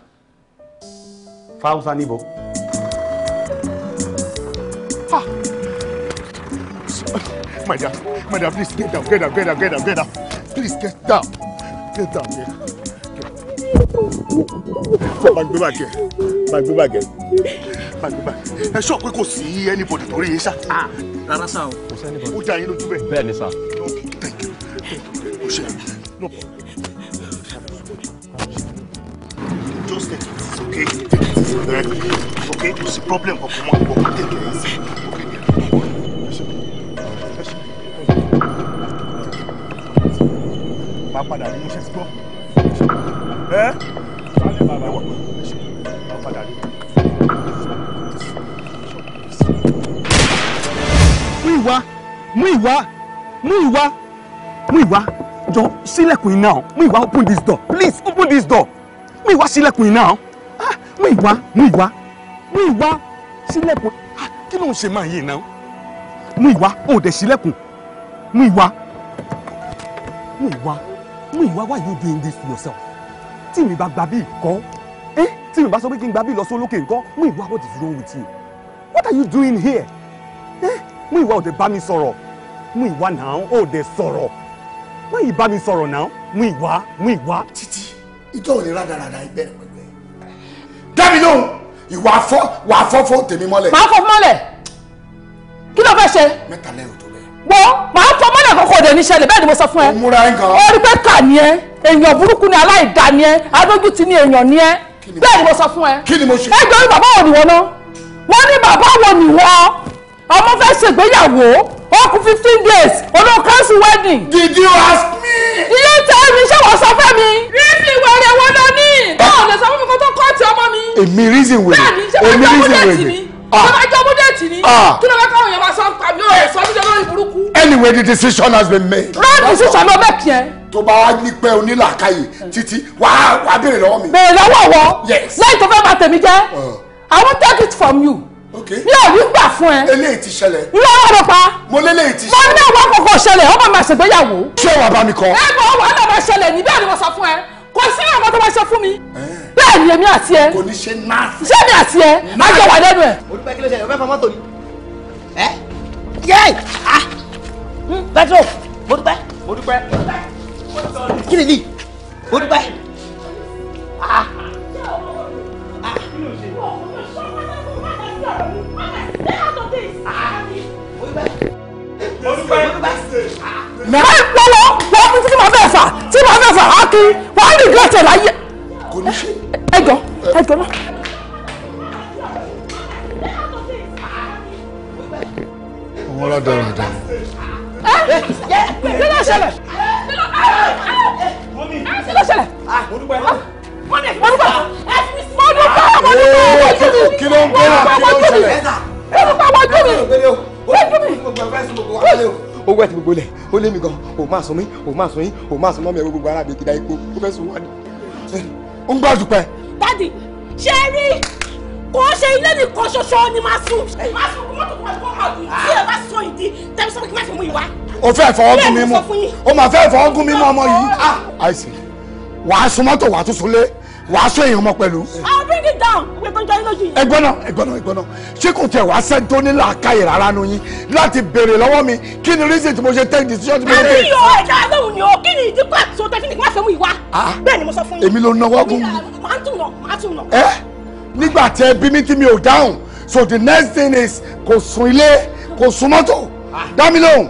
Fausa níbo. Ah. My dear, my dear, please get down, get down, get down, get down, get down. Please get down. Get down here. Come back, go back here. Back, go back here. Back, go back. Ẹ sọ pé kò see anybody tó rí Ah, sá. Rárá Who's o. Kò anybody. Who's jẹ́ àyín lójú bẹ́ẹ̀. Bẹ́ẹ̀ ni Thank you. no problem. Just take it, okay? okay? Kò a problem kankan mọ́. Take it easy. bá padà rí mo ṣe ti gbọ́. ẹ sálẹ̀ bàbá wà bá padà rí. mú ìwá mú ìwá mú ìwá mú ìwá jọ sílẹ̀kùn iná mú ìwá open this door please open this door mú ìwá sílẹ̀kùn iná ah, mú ìwá mú ìwá mú ìwá sílẹ̀kùn ah, kí ló ń ṣe máa yé náà mú ìwá òde sílẹ̀kùn mú ìwá mú ìwá. Muyiwa, why are you doing this to yourself? tí mi bá gba bí nǹkan ẹ tí mi bá sọ pé kí n gba bí lọ sí olókè nǹkan Muyiwa, what is wrong with you? what are you doing here? Eh? Muyiwa ò dé bá mi sọ̀rọ̀ Muyiwa náà ò dé sọ̀rọ̀ wọ́n yìí bá mi sọ̀rọ̀ náà Muyiwa Muyiwa. títí ìjọ ò ní rádaràdà ẹgbẹ́ rẹ pẹ̀lú ẹ. dábì lóhùn ìwà àfọ́ wà àfọ́ fún tèmi mọ́lẹ̀. màá fọ́ mọ́lẹ̀ kí ló fẹ́ ṣe. mẹ́ta lẹ́yìn tó wọ́n màá fọ mọ́lẹ̀ kọ́kọ́ òde níṣẹ́lẹ̀ bẹ́ẹ̀ ni mo sọ fún ẹ. mo múra nǹkan. ó rí pé kà ni ẹ èèyàn burúkú ni aláìda ni ẹ adójú ti ni èèyàn ni ẹ bẹ́ẹ̀ ni mo sọ fún ẹ. kí ni mo ṣe. ẹ jọ̀ọ́ bàbá wo nìwọ náà wọ́n ní bàbá wo nìwọ ọmọ fẹ́ ṣègbéyàwó ó kù fifteen days olóò cancel wedding. did you ask me. iye tẹ́ mi ṣé wọ́n sọ fẹ́ mi. ríbi wẹ̀rẹ̀ wọ́n lọ ní. báwo lè sọ fún mi kó tó kọ́ọ̀tì ọmọ mi. èmi reason wẹ̀rẹ̀ èmi reason wẹ̀rẹ̀ Ah. Ah. Anyway the decision has been made. Right decision ló bẹ̀ kí ẹ. Tó bá wá ní pẹ́ onílàákàyè títí wàá wàá béèrè lọ́wọ́ mi. Béèrè lọ́wọ́ wọ. Yes. Lẹ́yìn tó fẹ́ bà tèmi jẹ́. Ah. I won't take it from you mi ò rí gbà fún ẹ. eléyìí ti ṣẹlẹ̀. lọ́wọ́ ló pa. mo lélẹ́yìí ti ṣẹlẹ̀. mo ní àwọn àkókò ṣẹlẹ̀ ọmọ màá ṣègbéyàwó. ṣé wàá bá mi kọ. ẹ bọ̀ wàhálà máa ṣẹlẹ̀ níbẹ̀ ni mo sọ fún ẹ kò sí àwọn tó wá ṣe fún mi bẹ́ẹ̀ ni èmi àti ẹ kò ní ṣe náà ṣé èmi àti ẹ má jọ wà lẹ́nu ẹ̀. olùpẹ̀ kí ló ṣe ẹ̀ ọ̀fẹ́ mọ́tò ni ẹ́ yẹ́ ah pẹ́trò mo dúpẹ́ mo dúpẹ́ kí ni yìí mo dúpẹ́ ah ah mẹ́rin lọ́wọ́ wọ́n mú títí fẹ́ fà tí màá fẹ́ fà á kí regret ẹ̀ láyé. kò ní ṣe. ẹjọ ẹjọ náà. àwọn aládàára dà. ẹ ẹ kí ló ṣẹlẹ̀. kí ló ṣẹlẹ̀. mo dúpẹ́ mo dúpẹ́ mo dúpẹ́ mo dúpẹ́ kí ló ń bọ́ kí ló ń ṣẹlẹ̀. mo dúpẹ́ mo dúpẹ́ mo dúpẹ́ mo dúpẹ́. owó ẹ̀ ti gbogbo lẹ̀ ó lé mi gan ò máa sún mí ò máa sún yín ò máa sún mọ́mí ẹ̀rọ gbogbo ara mi kìdá epo ó fẹ́ sùn wá ní. ó ń gbọ́dọ̀ pẹ́. dádì ṣe rí kò ṣe ilé nìkan ṣoṣo ni máa sùn máa sùn mọ́tò kan kó máa dùn tí ẹ bá sọ ìdí tẹ́bí sọ́kì má fi mú ìwá. o fẹ́ fọwọ́gún mi mú o máa fẹ́ fọwọ́gún mi mú ọmọ yìí. àìsàn ah, wàá sun mọ́tò wàá tún sun lé wàá sọ èèyàn mọ pẹ̀lú. I'll bring it down ìwé tó ń jẹun lójú yìí. ẹ̀gbọ́n náà ẹ̀gbọ́n náà ẹ̀gbọ́n náà ṣé kò tẹ wàá sẹ́ni tó ní làákàyè rárá nu yín láti béèrè lọ́wọ́ mi kí ni reason tí mo ṣe take decision tí mo ṣe. àbí yóò ẹ̀dá lóhùn ni o kí ni ìdí pàtó tẹ́kí ni kí má fẹ́ mú ìwá. Ah, ah. bẹ́ẹ̀ ni mo sọ fún yín. èmi ló náwó gún. màá tún nà màá tún nà. ẹ nígbà tẹ bí mi tí mi ò dáhùn so the next thing is kò sun ilé kò sun mọ́tò ah. dámilóhùn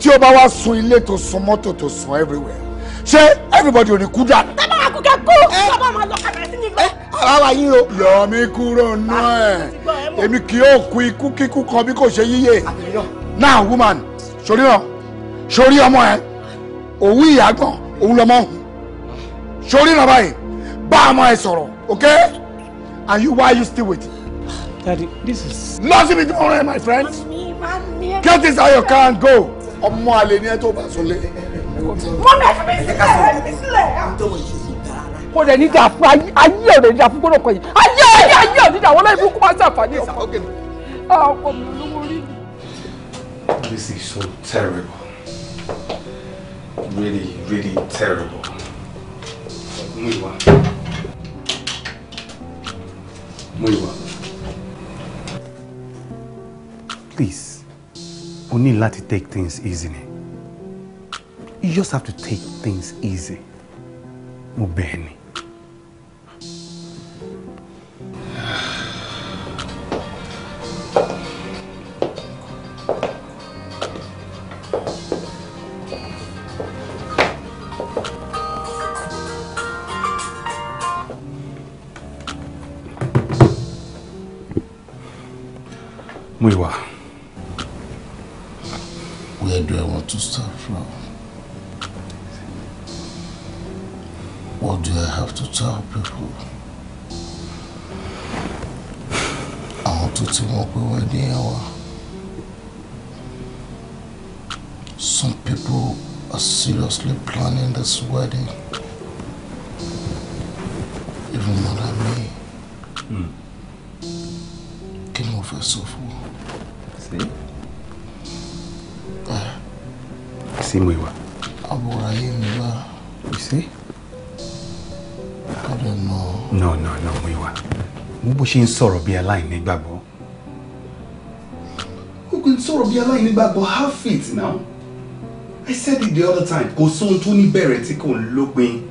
tí o bá wá sun ilé tó sun mọ́tò tó sun everywhere ṣé everybody ò ní kú dà. tábà wà kúkẹ́ kú tábà máa lọ kàbẹ̀rẹ̀ sí ní gbọ́. ara wa yín o. yọ mi kúrò nù ẹ èmi kì yóò kú ikú kíkú kan bí kò ṣe yíyẹ now woman sori náà sori ọmọ ẹ òwú ìyá gan òun lọmọ hùn sori náà báyìí bá ọmọ ẹ sọ̀rọ̀ okay and you why you still waiting. Daddy, this is. Nothing between all right, my friends. Get this out your car and go. Ọmọ àlè ni ẹ tó bá sọ lé kò lè ní dà fún ayé ò lè fún gbọ́dọ̀ kan ayé ayé ayé ò ní dà wọ́n kó máa ṣàǹfààní ah, ọkọ This is so terrible. Really, really terrible. Muiwa. Muiwa. Please, o need láti take things easy You just have to take things easy. Mubeni. bẹ́ẹ̀ Muiwa. Where do I want to start from? What do I have to tell people? Àwọn tó ti mọ̀ pé wọ́n ní ẹwà. Some people are seriously planning this wedding. Even more than me. Hmm. Kí ni mo fẹ́ sọ fún wọn? Sí. Eh. Sí mo ìwà. Àbúrò ayé mi wá. You see? no no no Múyìwá mo bó ṣe ń sọ̀rọ̀ bí aláìní gbàgbọ́. o kò ń sọ̀rọ̀ bí aláìní gbàgbọ́ have it now I said it the other time kò sóhun tó ní bẹ̀rẹ̀ tí kò ń lópin.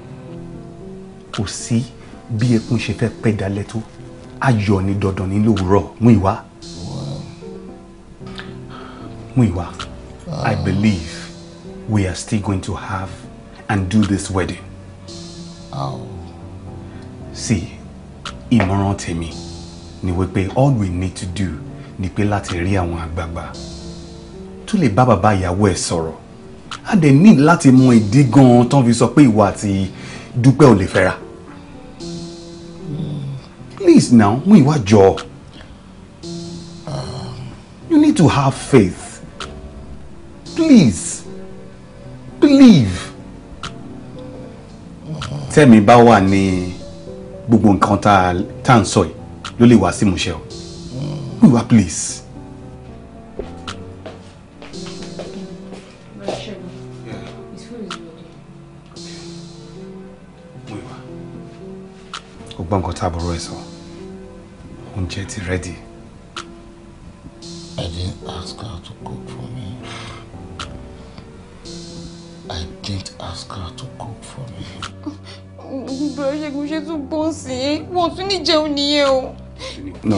kò sí bí ẹkún ṣe fẹ́ pẹ́ dalẹ̀ tó ayọ̀ ni dandan ní lówùúrọ̀ Múyìwá. Múyìwá I ah. believe we are still going to have and do this wedding. Oh see ìmọ̀ràn tèmi ni wípé all we need to do ni pé láti rí àwọn àgbààgbà tó lè bá bàbá ìyàwó ẹ̀ sọ̀rọ̀ a dẹ̀ ní láti mọ ìdí gan-an tán fi sọ pé ìwà àti dúpẹ́ ò lè fẹ́ra please now mú ìwà jọ you need to have faith please believe tẹ́mi bá wà ní gbogbo nǹkan tá à ń sọ yìí ló lè wá sí ìmúṣẹ o wíwá please. gbọ́ nǹkan tá a bọ̀rọ̀ ẹ̀ sọ oúnjẹ ti rẹ́dì. I didn't ask her to cook for me. I didn't ask her to cook bẹ̀rẹ̀ ṣẹ́gun ṣe tún bọ́ sí i wọ́n tún ní jẹun nìyẹn o. no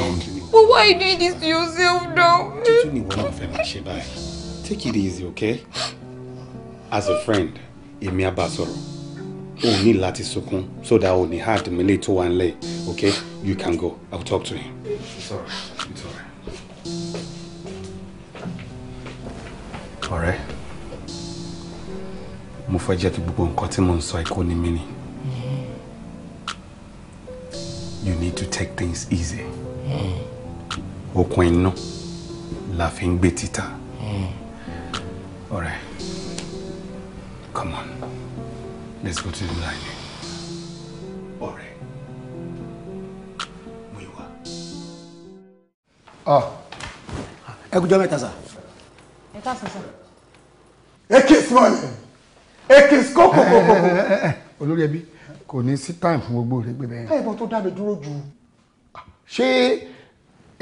but why you doing this to yourself now. tuntun ni ìwọ náà fẹ́ máa ṣe báyìí take it easy okay as a friend èmi á bá sọ̀rọ̀ o ní láti sunkún so that o ní hard mi lè tó wa nílẹ̀ okay you can go i will talk to him. it's alright it's alright. ọ̀rẹ́ mo fẹ́ jẹ́ kí gbogbo nǹkan tí mo ń sọ ikú ni mí ni. you need to take things easy. Hmm. okun inú la fi ń gbé títà. ọ̀rẹ́ come on let's go to the line. ọ̀rẹ́ mú ìwà. ọ ẹ kú jọ mẹ́ta sà. ẹ ká sọ sọ. eke small eke olórí ẹbí kò ní sí time fún gbogbo rẹ̀ gbé bẹ́ẹ̀. ẹ̀bọ tó dá mi dúró jù. ṣé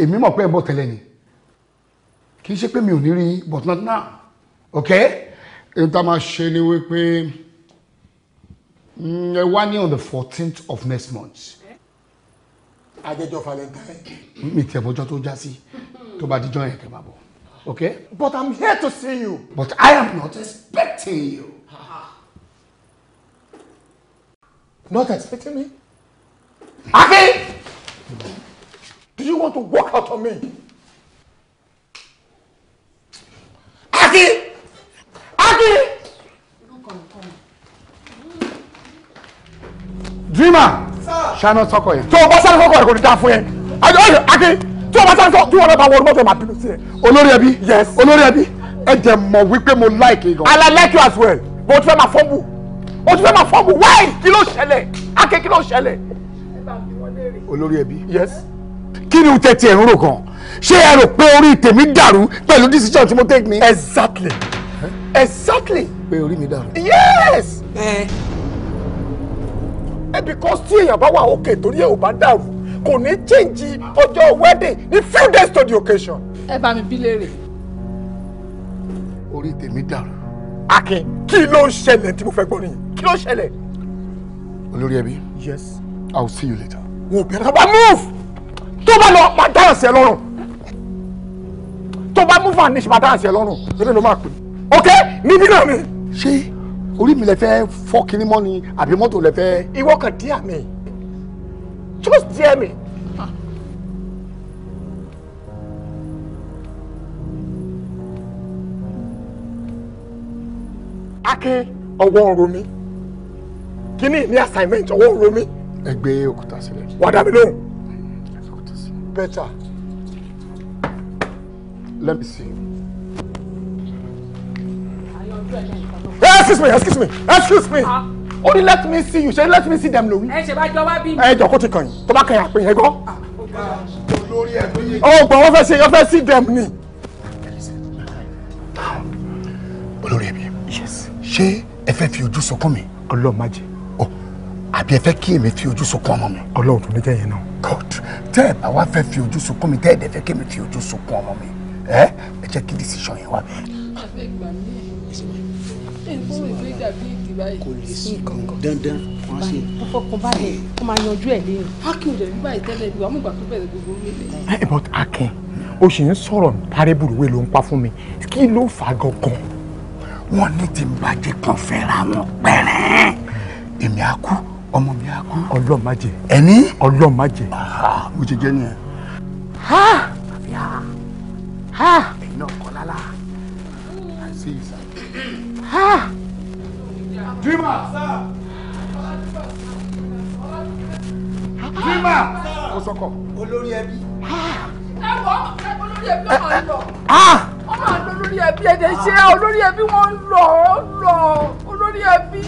èmi mọ̀ pé ẹ̀bọ tẹ́lẹ̀ ni kì í ṣe pé mi ò ní rí but not now ok èyí tá a máa ṣe ni wípé mm, ẹ wá ní on the fourteenth of next month. àjẹjọ valentine. mi tẹ̀ mọ́jọ́ tó já sí tó bá díjọ́ yẹn kẹ́ máa bọ̀ ok. but i'm here to see you. but i am not expecting you. Not expecting me? Abi! Do you want to walk out on me? Aki! Aki! Dreamer! Ṣáná sọ́kọ̀ yẹn. Tó o bá sáré sọ́kọ̀ yẹn kò ní dáa fún yẹn. Aki! Tí o bá sáré sọ́kọ̀ tí wọ́n bá wọlé mọ́tò máa bínú sí ẹ. Olórí ẹbí. Yes. Olórí ẹbí. Ẹ jẹ́ mọ̀ wípé mo like yìí gan. I like you as well. Mo ti fẹ́ máa fọ́nbù o ti fẹ́ máa fọ́ọ̀mù wáì kí ló ṣẹlẹ̀ ake kí ló ṣẹlẹ̀. olórí ẹbí. yes. kí ni o tẹ̀tí ẹ̀ ń rò gan ṣé ẹ rò pé orí tèmi dàrú pẹ̀lú decision tí mo take ni. exactly exactly. pé orí mi dàrú. yes. ẹ ẹ because tí èèyàn bá wà òkè torí ẹ ò bá dàrú kò ní change ọjọ́ wedding ní few days to the occasion. ẹ bá mi bí léèrè. orí tèmi dàrú. Akin kí ló ń ṣẹlẹ̀ tí mo fẹ́ gbọ́ nìyí kí ló ń ṣẹlẹ̀. olórí ẹbí. yes. i will see you later. wò ó bẹ̀rẹ̀ tó bá move tó bá lọ máa dáhùn sí ẹ lọ́rùn tó bá move and ní ṣe máa dáhùn sí ẹ lọ́rùn lórí ló máa pè é ok níbí náà ni. ṣé orí mi lè fẹ́ fọ́ kinní mọ́ ni àbí mọ́tò lè fẹ́. ìwọ kan díẹ̀ mi just díẹ̀ mi. akin ọwọ́ ń ro mí kíní ní assignment ọwọ́ ń ro mí. ẹ gbé òkúta sílẹ̀. wà á dá mi lóhùn. better. let me see. Hey, excuse me excuse me excuse me. Ah. ó let me see you ṣe let me see them lórí. ẹ ṣe bá jọ wá bí. ẹ jọ kó ti kàn yín tó bá kàn yín àpè yẹn gan. ó wọ́n fẹ́ ṣe wọ́n fẹ́ see them ni olórí ẹbí. yes. ṣé ẹ fẹ́ fi ojú sunkún mi. ọlọ́run má jẹ́. ọ oh, àbí ẹ fẹ́ kí èmi fi ojú sunkún ọmọ mi. ọlọ́run tó ní jẹ́ yẹn náà. god tẹ́ ẹ bá wá fẹ́ fi ojú sunkún mi tẹ́ ẹ dẹ̀ fẹ́ kí èmi fi ojú sunkún ọmọ mi ẹ ẹ jẹ́ kí decision yẹn wá bẹ́ẹ̀. àbẹ̀gbà mi ẹ̀ ń fún ìgbé dàbí ìdìbà yìí. kò lè sí dandan wọn ṣe. wọn fọkàn balẹ̀ wọn máa yanjú ẹ̀ lẹ́yìn. akin ò dẹ̀ nígbà ìtẹ́lẹ̀ ìlú àwọn ìgbà tó bẹ̀rẹ̀ gbogbo mi lẹ́yìn. ẹ but akin o sì ń sọ̀rọ̀ parable wey ló ń pa fún mi kí ló fà á wọ́n ní tí n bá jẹ́ kàn fẹ́ra wọn pẹ̀rẹ́ èmi á kú ọmọ mi á kú. ọlọ́run má jẹ́. ẹni. ọlọ́run má jẹ́. mo ti jẹ́ nìyẹn. ẹ̀yin náà kọ́ lálá àìsí dima. dima. kò sọkọ. olórí ẹbí. ẹ wọ olórí ẹbí ọmọ yìí lọ ọmọ àná olórí ẹbí ẹ̀dẹ̀ ṣe olórí ẹbí wọn ń lọ lọ olórí ẹbí.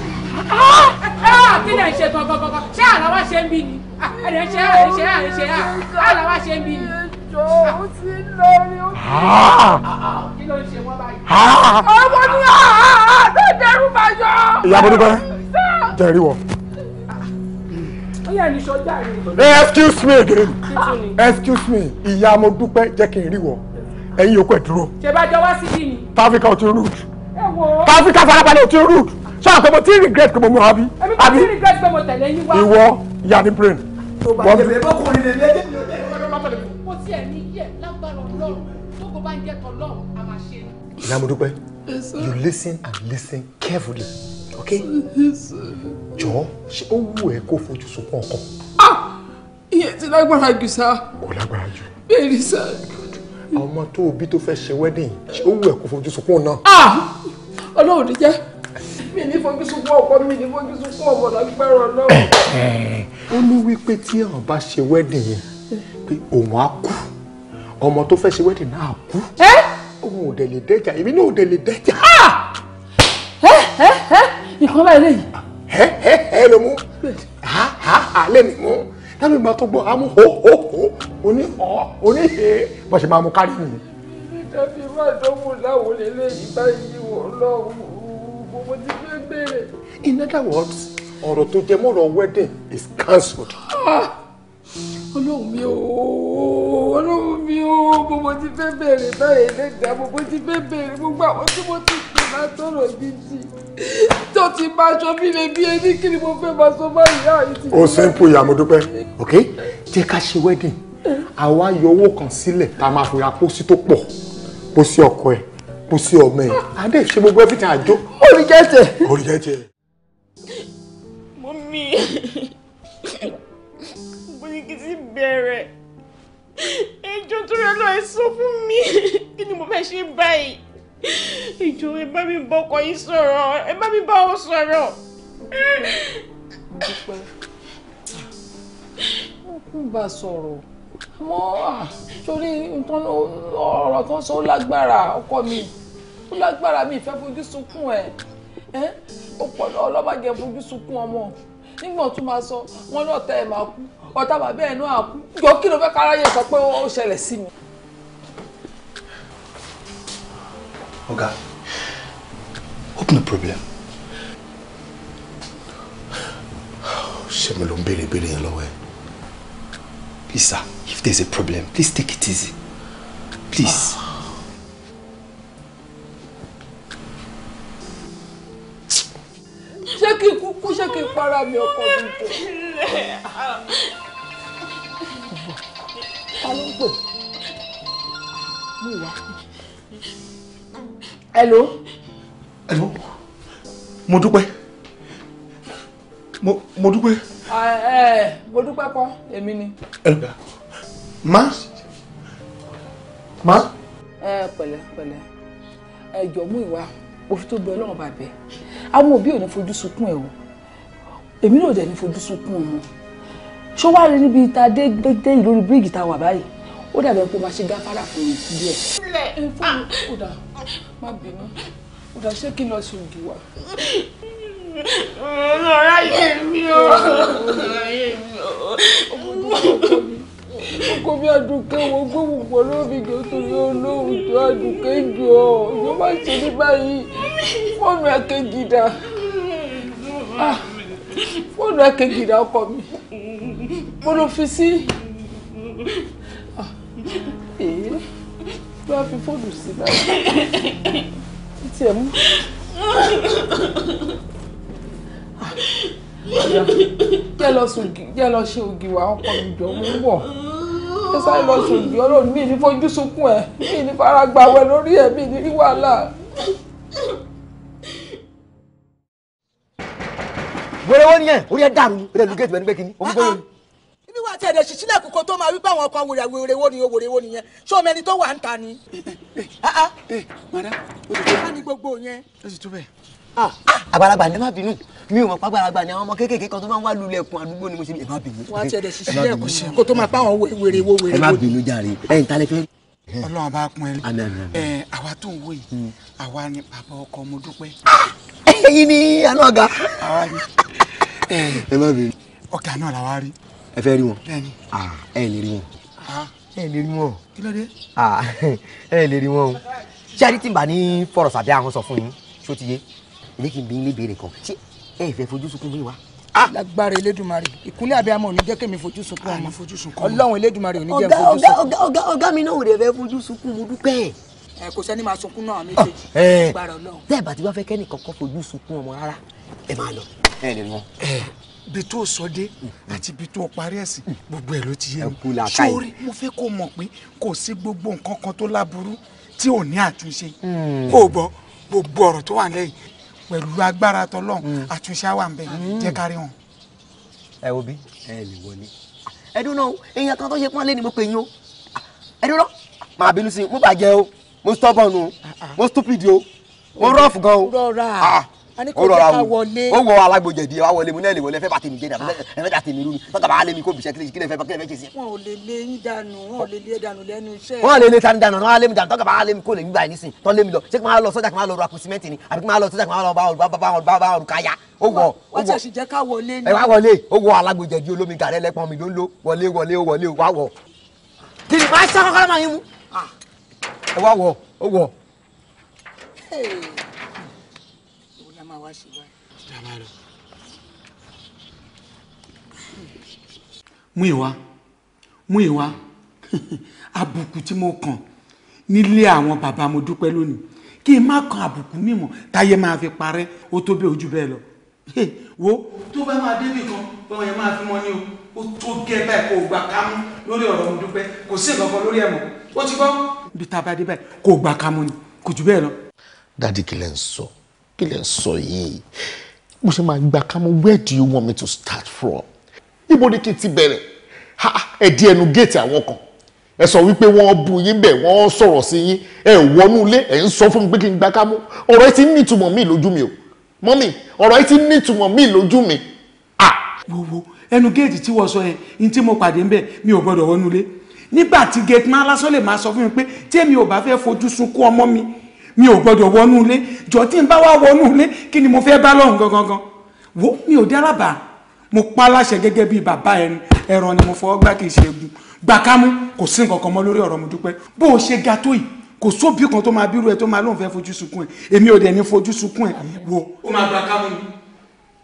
Ah, kí lè ṣe gbọgbọgbọgbọ ṣé àlàwà ṣe ń bí ni ah, ẹ̀dẹ̀ ṣe ẹ̀dẹ̀ ṣe ẹ̀dẹ̀ ṣe ah, àlàwà ṣe ń bí ni. ìjọ ti ń lọ rí ó ti ń lọ. kí ló ń ṣe wọ́n báyìí. ọmọ ní àádọ́ dẹrù máa yọ. ìyá abọ́dúpẹ́ jẹ́rìí wọ̀. excuse me again excuse me ìyá mo dúpẹ́ jẹ́ kí n rí wọ̀ ẹ̀yin yòókù ẹ̀ dúró. ṣe bá jọ wá sí bí ni. tafrika ò ti rude. ẹ wo. tafrika farabalẹ̀ ò ti rude. sọ àpò mo ti regret kò ti regret pé mo ìwọ yanni brain. tó bá jẹ bẹ́ẹ̀ bọ́kùnrin lè lé. mo ti ẹ̀ ní yẹ lágbára ọlọ́run tó kò bá ń jẹ́ tọ́lọ́run a máa ṣe. ìyá mo dúpẹ́ you listen and listen carefully okay jọ̀ọ́ ṣé ó wù ẹ́ kó fojú sunkún ọkàn. ah iye ti lágbára jù sá. kò lágbára jù. bẹ́ẹ̀ ni sá ọmọ tó bí tó fẹ́ ṣe wedding ṣé ó wù ẹ́ kó fojú sunkún náà. Ah! ọlọ́run ní jẹ́ mi ní fojú sunkún ọkọ mi ní fojú sunkún ọmọ lágbára ọlọ́run. Eh, eh, ó ní wípé tí àwọn bá ṣe wedding yẹn pé òun á kú ọmọ tó fẹ́ ṣe wedding náà á kú òun ò dẹ̀ lè dẹ́jà èmi náà ò dẹ̀ lè dẹ́jà. Ah! ìkọ́lá ilé yìí. ẹ ẹ ẹ ló mú ha ha ha lè mí mú ẹnu ìgbà tó gbọ́ àmú hó hó hó oní ọ̀ oní he bọ́ ṣe máa mú kárí nìyí. ìjọba ìwà ìdánwò láwọn lélẹ̀ yìí báyìí wọ̀ lọ́wọ́ gbogbo ti fẹ́ gbére. in other words ọ̀rọ̀ tó jẹ mọ́rọ̀ wedding is cancelled. Ah! ọlọ́run mi ò ọlọ́run mi ò gbogbo ti fẹ́ bẹ̀rẹ̀ báyìí lẹ́gbẹ̀ẹ́ gbogbo ti fẹ́ bẹ̀rẹ̀ gbogbo àwọn tí mo ti pè látọ̀rọ̀ gidi ti bá aṣọ bí lè bí ẹni kí mo fẹ́ máa sọ bá ìyá yìí ti. simple ìyá mo dúpẹ́ ok jẹ́ ká ṣe wedding àwa yọ owó kan sílẹ̀ tá a máa fi ra pósí tó pọ̀ pósí ọkọ ẹ̀ pósí ọmọ ẹ̀ adé ṣe gbogbo everything àjọ. orí jẹ́jẹ́. orí jẹ́jẹ́. mọ́mí bóyíkì ti bẹ̀rẹ̀ ẹjọ́ tó rẹ̀ lọ́ọ́ ẹ sọ fún mi kí mo fẹ́ ṣe báyìí ìjọ ẹ bá mi bọ ọkọ yìí sọ̀rọ̀ ẹ bá mi bá ọ sọ̀rọ̀. dúpẹ́ wọ́n kún bá sọ̀rọ̀ àmọ́ torí ah, nǹkan ọ̀rọ̀ kan sọ ó lágbára ọkọ mi ó lágbára mi ìfẹ́ fojú sunkún ẹ̀ ọpọlọ ọlọ́bàjẹ́ fojú sunkún ọmọ nígbà tó máa sọ wọn náà tẹ ẹ̀ máa kú ọ̀tá bàbá ẹ̀ náà kú jọ kí ló fẹ́ káráyè sọ pé ó ṣẹlẹ̀ sí mi. Ọ̀gá, hope no problem. Ṣé mi ló ń béèrè ìbéèrè Please sir, if there's a problem, please take it easy. Please. Ṣé kí n hello. hello mo dúpẹ́ mo mo dúpẹ́. ẹ ah, eh, mo dúpẹ́ kọ́ èmi ni. má má. ẹ pẹ̀lẹ́ pẹ̀lẹ́ ẹ jọ̀ọ́ mú ìwà òfin tó bẹ ọlọ́run bàbẹ́ àwọn òbí ò ní fojú sunkún ẹ̀ o èmi náà dẹ̀ ní fojú sunkún ọmọ ṣó wá rí níbi tá a dé dé ìlórí bíríìgì tá wà báyìí ó dàbẹ̀ pé o máa ṣe gáfárà fún mi díẹ̀. ẹ fún mi ah. ó dà má bínú ó dà ṣé kí n lọ sí ògì wa. ọ̀rọ̀ ayé mi o ọ̀rọ̀ ayé mi o kò bí àdùkẹ́ wo gbóhùn pọ̀ lórí ìgbà torí olóhùn tó àdùkẹ́ jù ọ́ ìjọ má ṣe ní báyìí fóònù akẹ́gìdà ah, fóònù akẹ́gìdà ọkọ mi mo lọ fi sí èyí ló wá fi fóònù sí báyìí títí ẹ̀ mú. jẹ́ lọ sùn jẹ́ lọ ṣe ògì wà ọkọ mi jọ mú wọ̀ ẹ sáré lọ sùn ògì ọlọ́run mi ní fojú sunkún ẹ̀ mi ní fara gbàwẹ̀ lórí ẹ̀ mi ní rí wàhálà. wẹ́rẹ́wọ́ nìyẹn orí ẹ̀ dàrú orí ẹ̀ lu géètì bẹ́ẹ̀ ibi wà tí ẹ̀dẹ̀ ṣìṣílẹ̀ kókó tó máa wípé àwọn kan wèrè wèrè wo nìyẹn wèrè wo nìyẹn ṣé omi ẹni tó wà ń ta ni. Eh, eh, eh, ah, ah. bá ní gbogbo ah. má bínú mi ò mọ̀ pé àgbàlagbà ni àwọn ọmọ kéékèèké kan tó máa ń wá lulẹ̀ kun àdúgbò ni mo ṣe lè má bínú. wà á ti ẹ̀dẹ̀ ṣìṣílẹ̀ kókó tó máa pa àwọn wèrè wo wèrè wo. ẹ má bínú jàre ẹ̀yin bá pọn ẹ ẹ àwa tó ń wòye hmm. àwa ni bàbá ọkọ mo dúpẹ́. ẹ̀yin ni àná ọ̀gá. àwa náà làwa rí ẹ fẹ́ rí wọn ẹ lè rí wọn ẹ lè rí wọn ẹ lè rí wọn o ṣé adé tí n bá ní fọ̀rọ̀ sàbí àwọn sọ fún yín ṣó ti yé èmi kì í bí ilé ìbéèrè kan ṣé ẹ fẹ́ fojú sunkún fún wa. lágbára elédùnmarè ìkúnlẹ̀ abiyamọ ò ní jẹ́ kémi fojú sunkún ọmọ ọlọ́run elédùnmarè ò ní jẹ́ fojú sunkún. ọ̀gá ọ̀gá mi náà ò rẹ̀ fẹ́ fojú sunkún mo dúpẹ́ ẹ kò sẹ́ni máa sunkún náà méjèèjì gbàrọ̀ náà. tẹ́ ẹ bá ti wá fẹ́ kẹ́nìkan kọ́ fojú sunkún ọmọ rárá ẹ máa lọ ẹ lè rí wọn ibi tó sọdé àti ibi tó parí ẹ̀ sí mm. gbogbo ẹ̀ ló ti yé mi sórí mo fẹ́ kó mọ̀ pé kò sí gbogbo nǹkan kan tó láburú tí ò ní àtúnṣe mm. kó o gbọ́ gbogbo ọ̀rọ̀ tó wà lẹ́yìn pẹ̀lú agbára tọlọ́run mm. àtúnṣe àwọn àǹbẹ̀ jẹ́ kárí wọn. ẹ wo bí ẹ lè wọlé ẹdun náà èèyàn kan tó ṣe pọ́n lé ni mo pè yín o ẹdun náà màá bínú sí i mo bàjẹ́ o mo stubborn o ah, ah. mo stupid o mo rough gan o. rọra ah ọ̀rọ̀ ra wò ó wọ alágbòjẹ̀dì wa wọlé mu náà lè wọlé bá tèmi jẹ́ dàbí ẹ tèmi rú ni tọ́ka bá mi kó bìṣẹ́ kí lè fẹ́ kí lè fẹ́ ṣe sí. wọn ò lè lé yín dànù wọn ò lè lé dànù lẹ́nu iṣẹ́. wọn lè lé tani dànù wọn lé mi dànù tọ́ka bá lé mi kó lè mi báyìí nísìn tọ́ lé mi lọ ṣé kí n máa lọ sọ́jà kí n máa lọ ra kùsímẹ́ǹtì ni àbí kí n máa lọ sọ́jà kí n máa lọ bá ọ̀rù káyà ó wọ ó wọ ẹ wá wọlé ó wọ alágbòjẹ̀dì olómi gàrẹ́ lẹ́pọ̀n mi ló ń lo wọlé wọlé wọlé wá wọ. kìnìún máa ń sá kọ́kọ́rọ́ máa yín mú. Ah. ẹ wá wọ ó wọ. mú ìwá mú ìwá àbùkù tí mo kàn nílé àwọn bàbá mo dúpẹ́ lónìí kí n má kan àbùkù mímọ̀ táyé máa fi parẹ́ ó tó ojú bẹ́ẹ̀ lọ wo tó bá máa débì kan báwọn yẹn máa fi mọ́ ní o ó tó gẹ́ báyìí kò gbà kámú lórí ọ̀rọ̀ mo dúpẹ́ kò sí nǹkan kan lórí ẹ̀ mọ́ ó ti gbọ́. bí tá a bá dé báyìí kò gbà kámú ni kò jù bẹ́ẹ̀ lọ. dádì kí lẹ ń sọ kí lẹ ń sọ yìí mo ṣe máa gbà kámú where do you want me to start from ibo ni kí ha, ti bẹ̀rẹ̀ ẹ̀dí ẹnu géètì àwọn kan ẹ sọ wípé wọ́n bu yín bẹ̀ wọ́n sọ̀rọ̀ sí yín ẹ wọnú ilé ẹ ń sọ fún mi pé kí n gbá kámú ọ̀rọ̀ ẹ ti ní ìtumọ̀ míì lójú mi o mọ́mì ọ̀rọ̀ ẹ ti ní ìtumọ̀ míì lójú mi. wo ẹnu géètì tí wọ́n sọ yẹn ní tí mo pàdé ń bẹ̀ mi ò gbọ́dọ̀ wọnú ilé nígbà tí gate man lásán lè máa sọ fún mi pé tí èmi ò bá fẹ́ fojú sunkún ọmọ mi mi ò gbọ́dọ̀ wọnú ilé jọ tí n bá wá wọnú ilé kí ni mo fẹ́ bá lọ́hùn gangan wo mi ò dé alábàá mo pa láṣẹ gẹ́gẹ́ bíi bàbá ẹni ẹran ni mo fọwọ́ gbá kì í ṣe egun gbàkámú kò sí nǹkan kan mọ́ lórí ọ̀rọ̀ mo dúpẹ́ bó o ṣe ga tó yìí kò sóbì kan tó máa bírú ẹ tó máa lóun fẹ́ fojú sunkún ẹ èmi ò dẹ̀ ní fojú sunkún ẹ wo. ó máa gbàkámú ni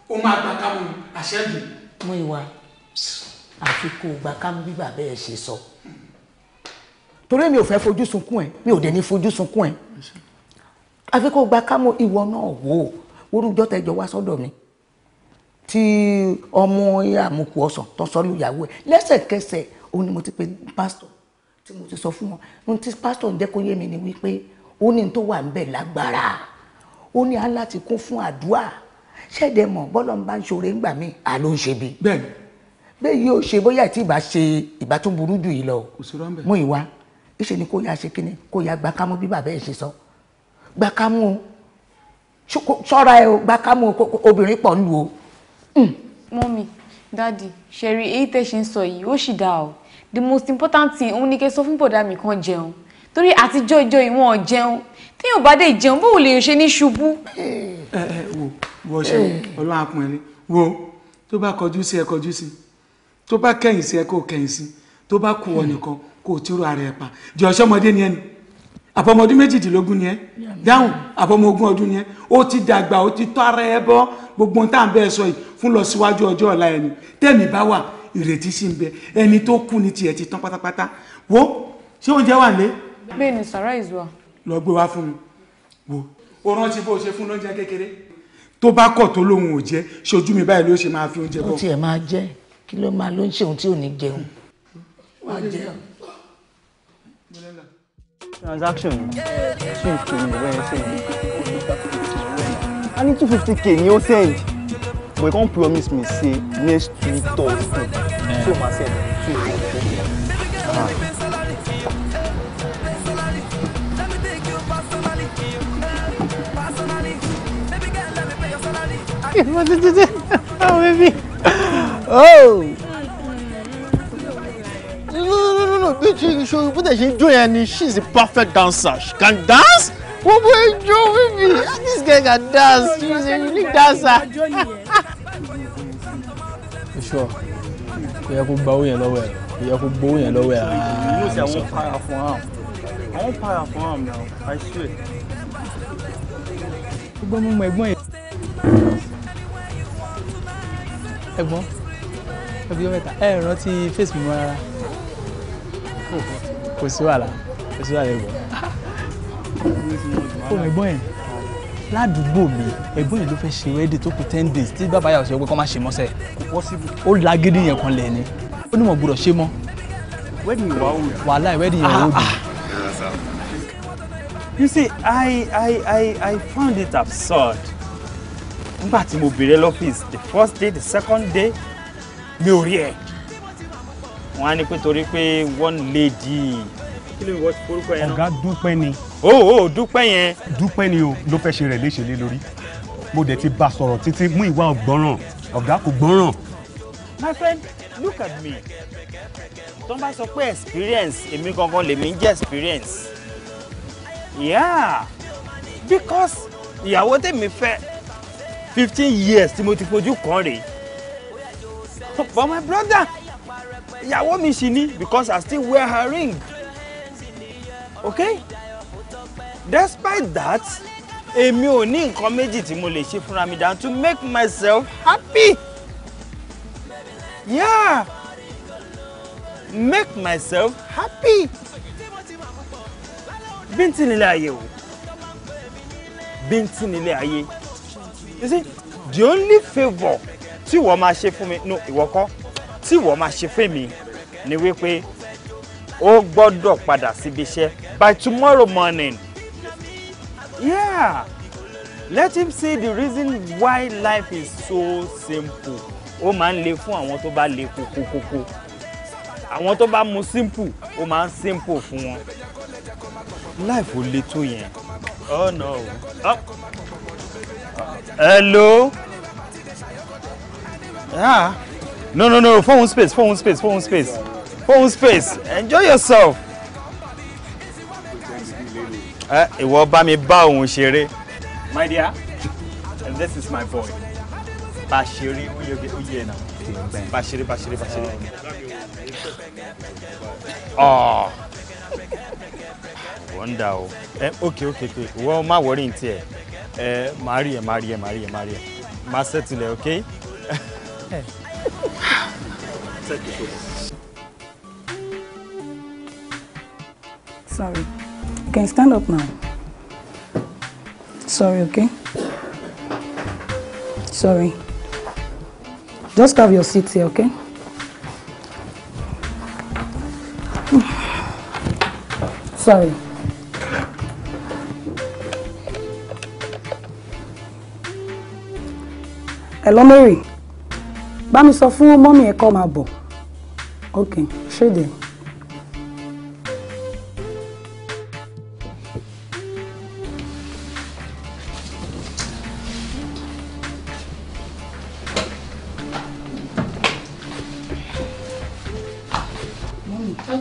ó máa gbàkámú ni àṣẹ dùn. mú ìwà àfi kó gbàkámú bí bàbá ẹ ṣe sọ torí mi ò fẹ́ fojú sunkún ẹ mi ò dẹ̀ ní fojú sunkún ẹ àfi kó gbàkámú ìwọ náà wò ó orúkọ tẹjọ wá sọ́dọ̀ mi tí ọmọ àmukù ọsàn tó sọ lùyàwó ẹ lẹ́sẹ̀kẹsẹ̀ òun ni mo ti pe pásítọ̀ tí mo ti sọ fún wọn ohun tí pásítọ̀ ń jẹ́ kó yé mi ni wípé ó ní tó wà ń bẹ̀ lágbára ó ní aláti kún fún àdúrà ṣẹ̀dẹ̀ mọ̀ bọ́lọ̀ ń bá ń ṣoore ńgbà mí àló ń ṣe bí. bẹ́ẹ̀ni. bẹ́ẹ̀ yóò ṣe bóyá tí ìbá ṣe ìbá tó burú jù yìí lọ mú ìwà ìṣe ni kó yá ṣe kíni kó yá gbàkámú bí bàbá ẹ̀ ṣe sọ gbàkámú ṣọ́ra ẹ̀ gbàkámú obìnrin pọ̀ ń lu o mọ́mí dáàdì ṣẹ̀rí èyí tẹ̀ ṣe ń sọ yìí ó sì dáa o the most important thing òun ni kẹ́ sọ fún bọ̀dá mi kan jẹun torí àtijọ́ ìjọ ìwọ̀n jẹun tí yóò bá dé jẹun bóun lè ṣe ní ṣubú. ẹ eh, ẹ eh, wo wọ ṣe ọlọ́run apọ̀ ẹni wo tó bá kọjú sí ẹ kọjú sí tó bá kẹ̀yìn sí ẹ kó kẹ̀yìn sí tó bá kù ọ nìkan kó o tírò ara ẹ pa jọ̀ọ́ ṣọmọdé ni ẹni àbọ̀mọ ọdún méjìdínlógún ni ẹ dáhùn àbọ̀mọ ogún ọdún ni ẹ ó ti dàgbà ó ti tọ́ ara ẹ bọ́ gbogbo tá à ń bẹ́ẹ̀ sọ yìí fún lọ síwájú ọjọ́ ọ̀la ẹni tẹ̀mí bá wà ìrètí sí ń bẹ ẹni tó kú ni tiẹ̀ ti tán pátápátá wo ṣé oúnjẹ wà lé. bẹ́ẹ̀ ni sàrà ìzùwà. lọ gbé wá fún mi wo o rántí bó o ṣe fún lóúnjẹ kékeré tó bá kọ̀ tó lóhun ò jẹ́ ṣojú mi báyìí ló ṣe máa fi oúnjẹ bọ̀. ó tiẹ̀ máa jẹ́ kí ló máa ló ń ṣe ohun tí ò ní jẹun. wàá jẹun transaction two fifty ni bẹ́ẹ̀ send a ní two fifty k ni ó send but he come promise me say next two thursday so ma send two fifty. k. Oh, baby. Oh so bitch so bó tẹ̀ ṣe ń jó yẹn ni she is a perfect dancer she can dance What gbogbo ìjọ me? this girl can dance She's a unique dancer. ìṣọ kò eh? yẹ kó gba owó yẹn lọ́wọ́ ẹ̀ kò yẹ kó gbowó yẹn lọ́wọ́ ẹ̀ ààrẹ. yóò ṣe àwọn para fún am àwọn para fún am now i swear. gbogbo ọmọ ẹ̀gbọ́n yẹn. ẹ̀gbọ́n ẹbí ọmọ ẹ̀ta ẹ rántí face mi mọ́ rárá kò sí wàhálà kò sí wàhálà ẹ̀gbọ́n fóònù ẹ̀gbọ́n yẹn ládùúgbò mi ẹ̀gbọ́n yẹn ló fẹ́ ṣe wẹ́ẹ́dì tó kù ten days tí bàbá yà sọ pé kọ́ máa ṣe mọ́sẹ̀ ó lágídí yẹn kan lẹ̀ ni ó ní mọ̀ gbọ́dọ̀ ṣe mọ́ wàhálà wẹ́ẹ́dì yẹn ò dì. You see, I, I, I, I found it absurd. Nígbà tí mo bèrè lọ́fíìsì, the first day, the second day, mi ò rí ẹ̀ wọn á ní pé torí pé one lady kí ọ̀gá dúpẹ́ ni. o o dúpẹ́ yẹn. dúpẹ́ ni o ló fẹ́ ṣe rẹ̀ léṣe lé lórí mo dẹ̀ ti bá a sọ̀rọ̀ títí mú ìwà ọ̀gbọ́ràn ọ̀gá kò gbọ́ràn. my friend look at me tó ń bá sọ pé experience èmi gangan lèmi ń jẹ́ experience yeah because ìyàwó tèmi fẹ́ fifteen years tí mo ti fojú kàn rèé but my brother ìyàwó mi sì ni because I still wear her ring okay despite that èmi ò ní nǹkan méjì tí mo lè ṣe fúnra mi than to make myself happy yeah make myself happy bíntín nílé ayé o bíntín nílé ayé you see the only favour tí ìwọ máa ṣe fún mi no ìwọ kọ́ tí wọ́n máa ṣe fèmí ni wípé ó gbọ́dọ̀ padà síbi iṣẹ́ by tomorrow morning. Yeah. Let him see the reason why life is so simple. Ó máa ń le fún àwọn tó bá le kókókókó. Àwọn tó bá mu simple, ó máa ń simple fún wọn. Life ò le tó yẹn. Oh no. Oh. Hello. Yeah. No, no, no. Phone space, phone space, phone space. Phone space. Enjoy yourself. Eh, ìwọ bá mi bá òun ṣeré. My dear, and this is my boy. Bashiri Uyena. Bashiri, Bashiri, Bashiri. Oh. Wonder. Eh, okay, okay, okay. Ìwọ má worry in tiẹ̀. Eh, Maria, Maria, Maria, Maria. Má settle, okay? Sorry. You can stand up now. Sorry, okay? Sorry. Just have your seat here, okay? Sorry. Hello, Mary bá mi sọ fún mọ́mì ẹ̀ kó máa bọ̀ ok ṣéde. ẹ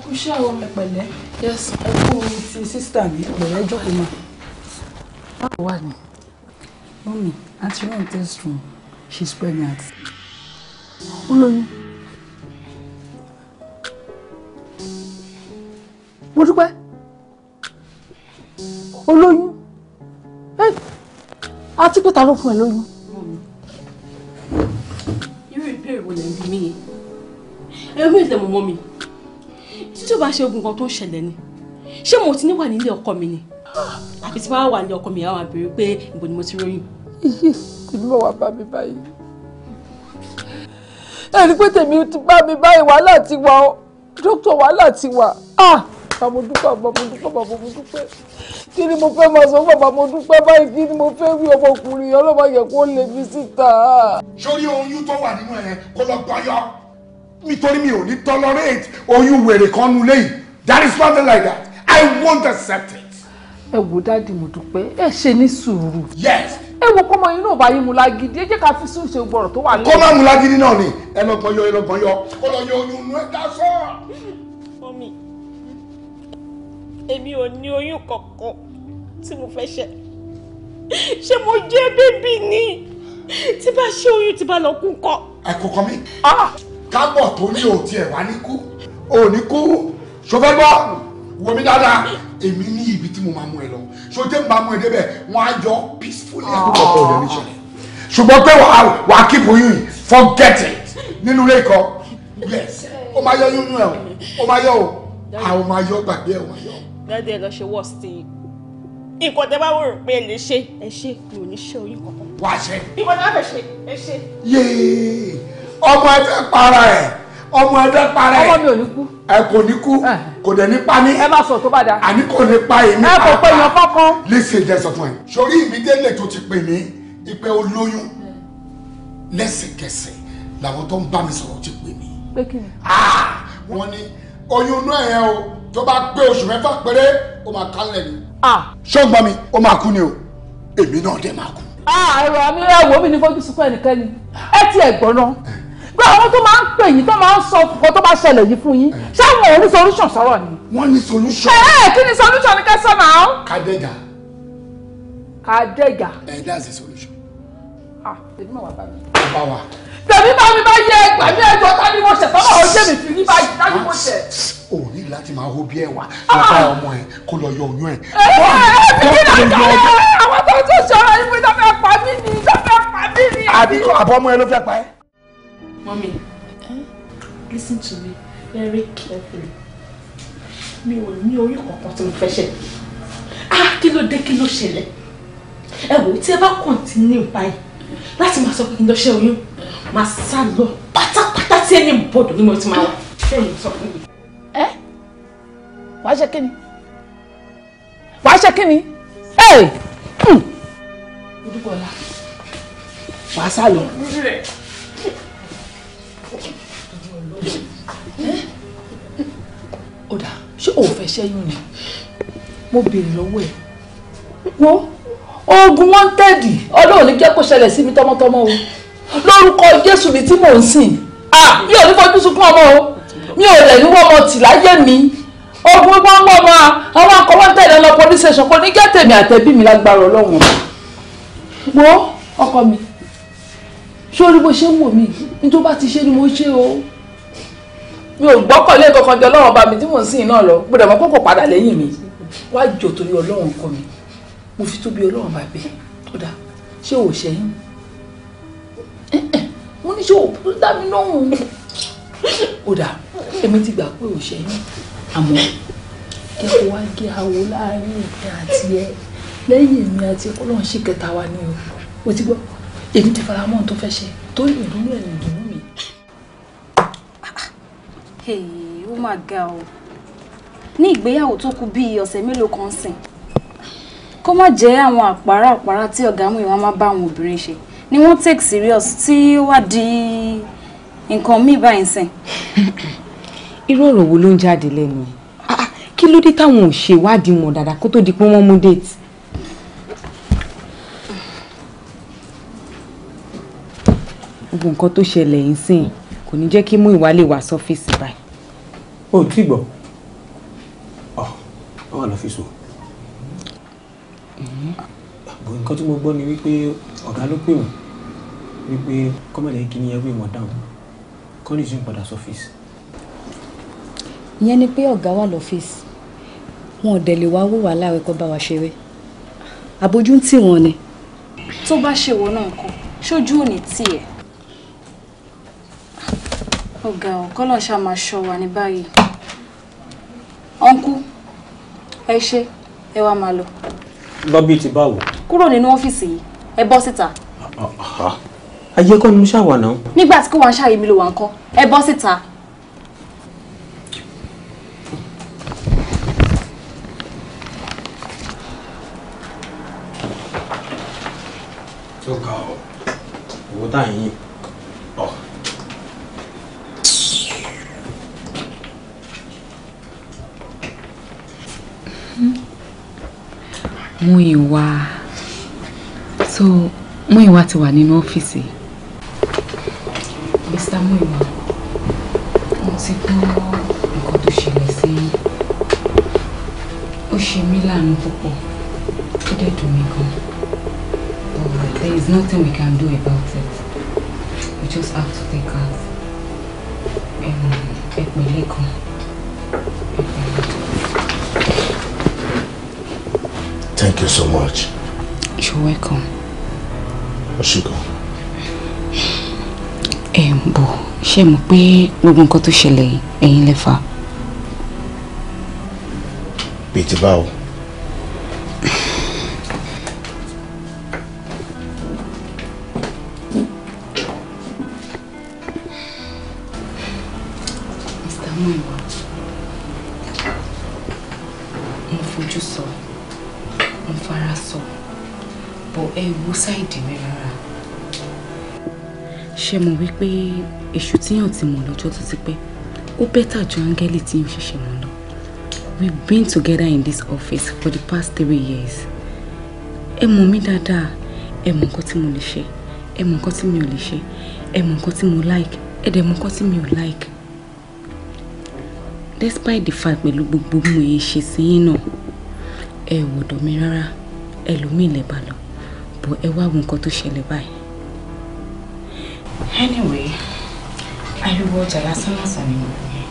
kú iṣẹ́ àwọn ọmọ ìpẹ̀lẹ́ ẹ kú ti sísítà mi pẹ̀lẹ́ jókòó máa. báwo wà ní. mọ́mì run test room she's pregnant ó lóyún. mo dúpẹ́ ó lóyún àti eh, pé ta ló fún ẹ lóyún. irú ìbéèrè wo lè ń bi mí yẹn ẹ̀rọ mi ò lè mọ̀ mọ́ mi títí ó bá ṣe ogun kan tó ń ṣẹlẹ̀ ni ṣé mo ti ní wà nílé ọkọ mi ni àbí tí bá wà nílé ọkọ mi àwọn àbẹ̀rẹ̀ pé ìbò ni mo ti róyún. iye kì í mọ̀ wá bá mi báyìí ẹni pé tèmi ti bá mi báyìí wàhálà ti wà ó dókítà wàhálà ti wà á ah! bàbá dúpẹ́ bàbá dúpẹ́ bàbá dúpẹ́ kí ni mo fẹ́ máa sọ fún bàbá dúpẹ́ báyìí kí ni mo fẹ́ wí ọmọkùnrin ọlọ́mọ yẹ kó lè mi síta. sórí oyún tó wà nínú ẹ kó lọ gbọyọ nítorí mi ò ní tolerate oyún wèrè kan nulẹ̀ yìí that is nothing like that i won't accept it. ẹ wo dáàdi mo dúpẹ́ ẹ ṣe ní sùúrù. yes wo kọ́mọ yín náà bá yín mu lágídí ẹ jẹ́ ká fi sùn ṣe gbọ́rọ̀ tó wà lẹ́yìn. kọ́ máa mu lágídí náà ni ẹlọgbọ́n yọ ẹlọgbọ́n yọ ọlọ́yọ oyún inú ẹ dá sọ. mọ́mí èmi ò ní oyún kankan tí mo fẹ́ ṣe ṣé mo jẹ́ bébì ni tí bá ṣe oyún tí bá lọ kú kọ́. ẹ kò kọ́ mi ah! kábọ̀ tó ní òtí ẹ̀ wá ní kú òní kú ṣọfẹ́ gbọ́ wò mí dáadáa èmi ní ibi tí mo máa mú ẹ lọ sojẹ́ mi máa mú ẹ débẹ̀ wọ́n á yọ peacefully àkókò ọ̀pọ̀ ọ̀dẹ̀ níṣẹ́ ṣùgbọ́n pé wàá keep you forget it nínú ilé ikọ̀ yes ó máa yọ yúnú ẹ o ó máa yọ o àwọn máa yọ gbàgbé ẹ wọ́n yọ. dáadé ẹ lọ ṣe worst thing nǹkan tẹ bá wò rò pé ẹ lè ṣe ẹ ṣe kúrò níṣẹ́ oyún kankan. wàá ṣe. ìwọ náà fẹ́ ṣe ẹ ṣe. yéé ọmọ ẹ fẹ́ para ẹ̀ ọmọ ẹ̀dọ́ parẹ́ ọmọ mi ò ní kú ẹ kò ní kú eh. kò dẹ̀ ní pa ní ẹ má sọ tó bá da àní kò ní pa èmi pàápàá ẹ kò pé èèyàn kankan lè ṣe ìjẹsọ fún ẹ. sori ìmídélè tó ti pè mí ìpè olóyún lẹ́sẹ̀kẹsẹ̀ làwọn tó ń bá mi sọ̀rọ̀ ti pè mí. pé kí ni. Ah! wọ́n ní oyún náà yẹn o tó bá pé oṣù mẹ́fà péré ó máa kálẹ̀ ni. Ah. ṣọ́gbọ́n mi ó máa kú ni o èmi náà dẹ̀ máa kú. Ah, ẹ̀rọ àmì ẹ̀wò mi ní fojú sunkún ẹnikẹ́ni ẹ ti ẹ̀ gbọ́n náà eh pé àwọn tó máa ń pè yín tó máa ń sọ nǹkan tó bá ṣẹlẹ̀ yìí fún yín ṣé wọn ò ní solution sọ̀rọ̀ ni. wọ́n ní solution. ẹ ẹ kí ni solution ni kẹsàn náà. kàdégà. kàdégà. ẹ eh, that's the solution. ah èmi náà wà bá mi. bá wa. tèmi bá mi bá yẹ ẹgbà ní ẹjọ́ tá ni mo ṣe fọwọ́ ọjọ́ mi fi ní báyìí tá ni mo ṣe. o ní láti máa hó bí ẹwà lọ́ka ah! ọmọ ẹ kó lọ yọ oyún ẹ. ẹ ẹ ẹ àwọn tó tún ṣọ̀rọ̀ ìwé tó fẹ́ pa mí ni tó ló fẹ́ pa ẹ́. Mommy, eh? listen to me very carefully. Mi ò ní orí kankan tí mo fẹ́ ṣe. Ah, kilo de kilo kí ló ṣẹlẹ̀? Ẹ wò tí continue báyìí láti máa so pé kí n lọ ṣe oyún, máa sá lọ pátápátá tí ẹni bọ̀dọ̀ ni mo ti máa wà. Bẹ́ẹ̀ni sọ fún mi. Ẹ eh? wàá ṣe kí ni? Wàá ṣe kí ni? Ẹ! Odúgbò ọ̀la, wàá sá lọ ó dà ṣé o fẹ́ ṣẹ́yún ni mo béèrè lọ́wọ́ ẹ̀ wo oògùn wọ́ntẹ́ẹ̀dì ọlọ́run ní jẹ́ kó ṣẹlẹ̀ sí mi tọmọtọmọ o lórúkọ jésù mi tí mò ń sìn mi ò ní fojú sunkún ọmọ o mi ò lẹ̀ ní wọ́mọ tì láyé mi oògùn wọn wọ́n máa àwọn akọ wọ́ntẹ́ẹ̀dì lọ police station kò ní jẹ́ tèmi àtẹ̀bí mi lágbára ọlọ́run wo ọkọ mi sórí bó ṣe ń wò mí ní tó bá ti ṣe ni mo ṣe o mi ò gbọ́kànlé kankan jọ ọlọ́run ọba mi tí mò ń sìn náà lọ gbọ́dọ̀ mọ́ kókò padà lẹ́yìn mi wá jọ torí ọlọ́run kọ mi mo fi tó bí ọlọ́run bá bẹ̀ tó dáa ṣé ò ṣẹ́yìn mo ní ṣé ò tó dá mi lóhùn ó dáa èmi ti gbà pé ò ṣẹ́yìn àmọ́ kí kó wá gé awo láàrin ìpín àti ẹ lẹ́yìn mi àti ọlọ́run ṣì kẹta wa ni o mo ti gbọ́ èmi ti fara mọ́ ohun tó fẹ́ ṣe tó lè dúró ẹ̀ ìdùnnú mi. ó mà ga o ní ìgbéyàwó tó kù bíi ọ̀sẹ̀ mélòó kan sìn kó má jẹ́ àwọn àpárá àpárá tí ọ̀gá mú ìwà máa bá àwọn obìnrin ṣe ni wọ́n take serious tí ó wá di nǹkan míì báyìí sìn. irú ọ̀rọ̀ wo ló ń jáde lẹ́nu ẹ̀ ah, ah, kí ló dé táwọn ò ṣèwádìí wọn dáadáa kó tó di pé wọ́n mú déètì gbogbo nǹkan tó ṣẹlẹ̀ yìí sìn kò ní jẹ́ kí mú ìwà lè wá sọ́fíìsì báyìí. o tí gbọ́ ọ ọ wà lọ́fíìsì o bò nǹkan tí mo gbọ́ ni wípé ọ̀gá ló pè wọ́n wípé kọ́mọ̀lẹ́ kí ni ẹgbẹ́ wọn dáhùn kọ́lì tún padà sọ́fíìsì. ìyẹn ni pé ọ̀gá wà lọ́fíìsì wọn ò dẹ̀ lè wá wò wá láàárẹ̀ kó bá wa ṣeré àbójú ń tì wọ́n ni. tó bá ṣe wọ náà ṣojú ò tiẹ̀ ọ̀gá ò kọ́lọ̀ ṣá máa ṣọ́ wa ní báyìí ọ̀nkú ẹ malo. ẹ wá máa lọ. lọ́bí ti báwo. kúrò nínú ọ́fíìsì yìí ẹ bọ́ síta. ayé kọ́ ni mo ṣàwà náà. nígbà tí kò wá ń ṣàyè mi ló wà ń kọ́ ẹ bọ́ síta. tó ga ọ owó tá à Múyìwá so Múyìwá ti wà nínú ọ́fíìsì. Mr. Múyìwá mo ti gbọ́ nǹkan tó ṣẹlẹ̀ sí yín ó ṣe mí láàánú púpọ̀ ó dẹ̀ dùn mí gan but there is nothing we can do about it we just have to take out ẹ̀pẹ̀lẹ́ kan. Um, Thank you so much. You're welcome. Oṣùkọ. Ẹ ń bọ̀, mo pe gbogbo nǹkan tó ṣẹlẹ̀ ẹ̀yin lẹ́fà? Bètè báwo? èṣù tíyàn ti mọ̀ lọ́jọ́ tó ti pẹ́ ó bẹ́tà ju áńgẹ́lì tí ń ṣiṣẹ́ wọn lọ we've been together in this office for the past three years ẹ mọ̀ mí dáadáa ẹ mọ̀ nǹkan tí mo lè ṣe ẹ mọ̀ nǹkan tí mi ò lè ṣe ẹ mọ̀ nǹkan tí mo like ẹ dẹ̀ mọ̀ nǹkan tí mi ò like despite the fact pẹ̀lú gbogbo mo yìí ṣe sí yín náà ẹ wò dọ̀ mi rárá ẹlòmíì lè bá lọ bọ̀ ẹ wá wo nǹkan tó ṣẹlẹ̀ báyìí. anyway ariwo ọjà lásán lásán ni mo ní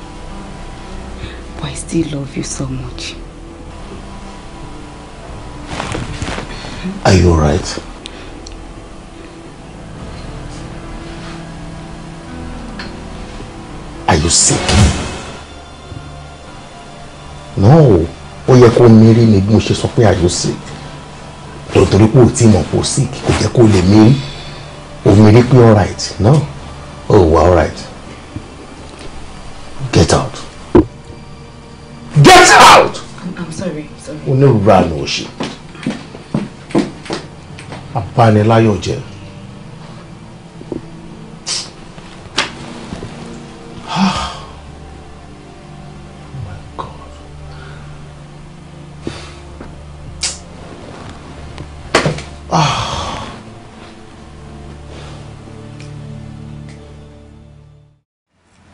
but I still love you so much. Are you alright? Are you sick? No, ó yẹ kó mírí ni bí mo ṣe sọ pé are you sick? Torí pé ò tí mọ̀ pé sick kò jẹ́ kó lè mírí. Ò mírí pé alright, no? Oh, alright. Get out! I'm, I'm sorry, sorry. Onírúurú òṣì. Abániláyọ̀jẹ́. Oh ah.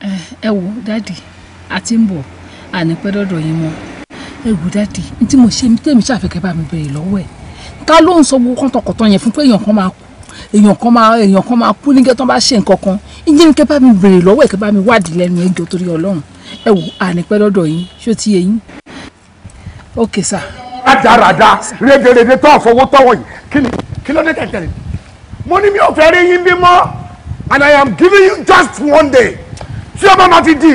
eh, ẹ wò dáàdì àti ń bọ̀ ní pẹ́ dọ́dọ̀ yín mọ́ ewu dáàdì ní tí mo ṣe ní tèmi ṣàfikẹ́ bá mi bèrè lọ́wọ́ ẹ̀ ká ló ń sọ gbogbo kọ́ńtọ̀kọ́tọ̀ yẹn fún pé èèyàn kan máa kú èèyàn kan máa èèyàn kan máa kú nígbà tó bá ṣe nǹkan kan ìjẹ́ ní kẹ́ bá mi bèrè lọ́wọ́ ẹ̀ kẹ́ bá mi wádìí lẹ́nu ẹjọ́ torí ọlọ́run ẹ wò ànípẹ́ lọ́dọ̀ yín ṣó ti yé yín. ok sà. rádaràda rédèrèdè tó àfọwọ́ and I am giving you just one day tí ọmọ máa fi di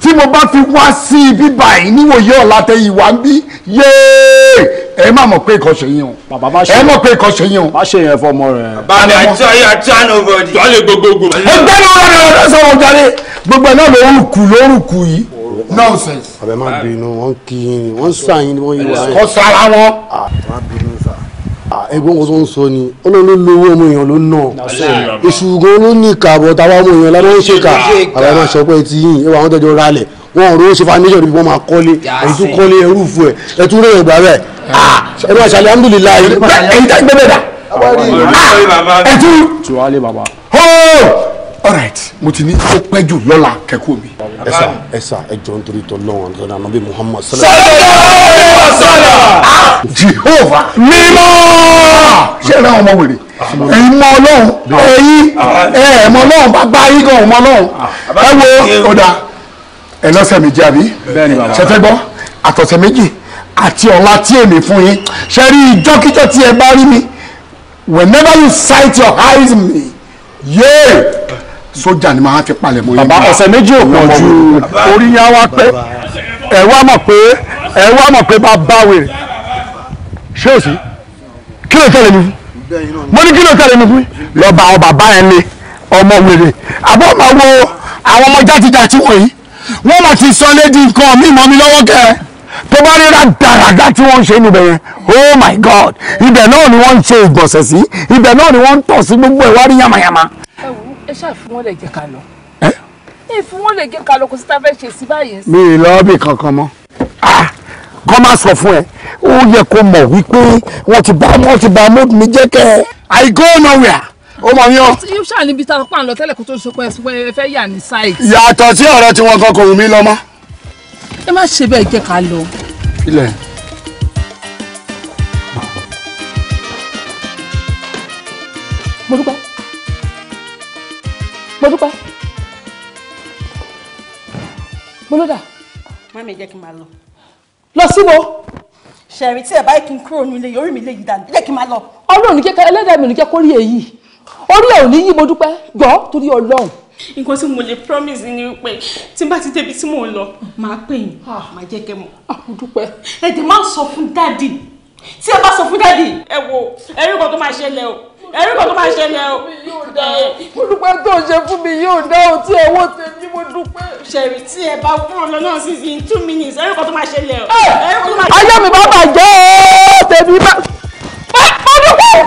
tí mo bá fi wá sí ibi báyìí níwòye ọ̀la tẹ ìwà ń bí yéé ẹ má mọ̀ pé ìkọ̀ṣẹ́ yín o bàbá má ṣe ẹ mọ̀ pé ìkọ̀ṣẹ́ yín o. má ṣe yẹn fọmọ rẹ. bàbá àti ọyọ àti ànàbọdì. jọ́lẹ̀ gbogbogbò. ẹgbẹ́ ni wọ́n rẹ̀ ọ̀dọ́ jáde gbogbo ẹ̀ náà lórúkú lórúkú yìí nonsense. àbẹ̀ má bínú wọn kì í sàn yín wọ́n yí wá yín. kọ́ sára wọn. Ah, ẹ̀gbọ́n kan ń sọ ni Ọlọ́run lówó ọmọ èèyàn ló nà ìṣùgbọ́n ló ní ìka táwa ọmọ èèyàn lábẹ́ ń ṣèkà àbá máa sọ pé ti yìn ẹwà àwọn tẹjọ ralẹ̀ wọn ò rówó ṣe foundation níbi wọn máa kọ́lé èyí tún kọ́lé ẹrú fún ẹ ẹ tún rẹ̀ ẹ̀gbà rẹ̀ ah, ẹ máa ṣàlẹ̀ alhamdulilayi ẹ̀yìn tá gbẹ́bẹ̀ dà ah, ẹ̀ tún. Alright, right mo ti ní ó pẹ́ jù lọ́la kẹ́kọ̀ọ́ mi. ẹ̀sà ẹ̀sà ẹ̀jọ̀ nítorí tọ́ lọ́wọ́ nítorí ànábì muhammad sọlá. sọlá sọlá jehova mímọ́ ṣé ẹ̀rọ ọmọ wèrè ẹ̀yin mọ ọlọ́run ẹ̀yin ẹ̀ mọ ọlọ́run bàbá yín gan ọmọ ọlọ́run ẹ wo ọ̀dà ẹ̀ lọ́sẹ̀ méjì àbí ṣẹ́fẹ́ gbọ́ àtọ̀sẹ̀ méjì àti ọ̀la tí èmi fún yín ṣe rí ìjọ́kíjọ́ tí ẹ bá rí mi whenever you sight your eyes me Yeah sójà ni màá fi palẹ̀ mọ́ yín. bàbá ọ̀sẹ̀ méjì ò pọ̀ ju orí yá wá pé ẹ wá mọ̀ pé ẹ wá mọ̀ pé bá bá wèrè ṣé o sí kí ló tẹ̀lé mi fún mo ní kí ló tẹ̀lé mi fún lọ́ba àwọn bàbá ni ọmọ wèrè àbọ̀ máa wo àwọn ọmọ játijàti wọ̀nyí wọ́n máa ti sọ lédi nǹkan mi mọ́ mi lọ́wọ́ kẹ́ tó bá rí rádaràdá tí wọ́n ń ṣe níbẹ̀ yẹn oh my god ibẹ̀ náà ni wọ́n ń ṣe ìgbọ̀nsẹ̀ sí ibẹ̀ náà ni wọ́n ń tọ̀ sí gbogbo ẹ̀ wá yàmàyàmà ẹ ṣáà fún wọn lè jẹ ká lọ. ẹ fún wọn lè jẹ ká lọ kò sí ta fẹ́ ṣe sí báyìí. mi ì lọ bí kankan mọ́ ah! kọ́ máa sọ fún ẹ ó yẹ kó mọ̀ wípé wọ́n ti bá wọ́n ti bá mọ́tò mi jẹ́ kẹ́ i go nowhere ó mọ̀ yán. yóò ṣáà níbi tá a pa àlọ́ tẹ́lẹ̀ kó tó ṣe pé ẹ fẹ́ yà ní site. yàtọ̀ sí ọ̀rọ̀ tí wọn kan kò wù mí lọ mọ́. ẹ má ṣe bẹ́ẹ̀ jẹ́ ká lọ. ilẹ̀. mo dúpẹ́ mo dúpẹ́ mo ló dà. mami jẹ́ kí n máa lọ. lọ sí wo. ṣẹ̀rí tí ẹ̀ báyìí kí n kúrò nílé yìí orí mi lè yí dànù jẹ́ kí n máa lọ. ọlọ́run ní kẹ́kẹ́ ẹlẹ́dàá mi ò ní kẹ́ kórìí èyí orí ẹ̀ ò ní yí mo dúpẹ́ gbọ́ torí ọlọ́run nǹkan tí mo lè promise ni pé tí n bá ti débi tí mò ń lọ màá pè yín màá jẹ́ kẹ́ mọ̀. Ah, mo dúpẹ́. ẹ dẹ̀ máa sọ fún dáàdì tí ẹ bá sọ fún dáàdì ẹ wo ẹ rí nǹkan tó máa ṣẹlẹ̀ o ẹ̀rí kan tó máa ṣe ni ẹ o. mo dúpẹ́ tó ṣe fún mi yóò dá o tí ẹ wò tèmi mo dúpẹ́. ṣẹ̀rí tí ẹ bá fún ọ lọ́nà sí in two minutes ẹ̀rí kan tó máa ṣe ni ẹ o. ayé mi bá bàjẹ́ o tèmi bá. Ah! mo dúpẹ́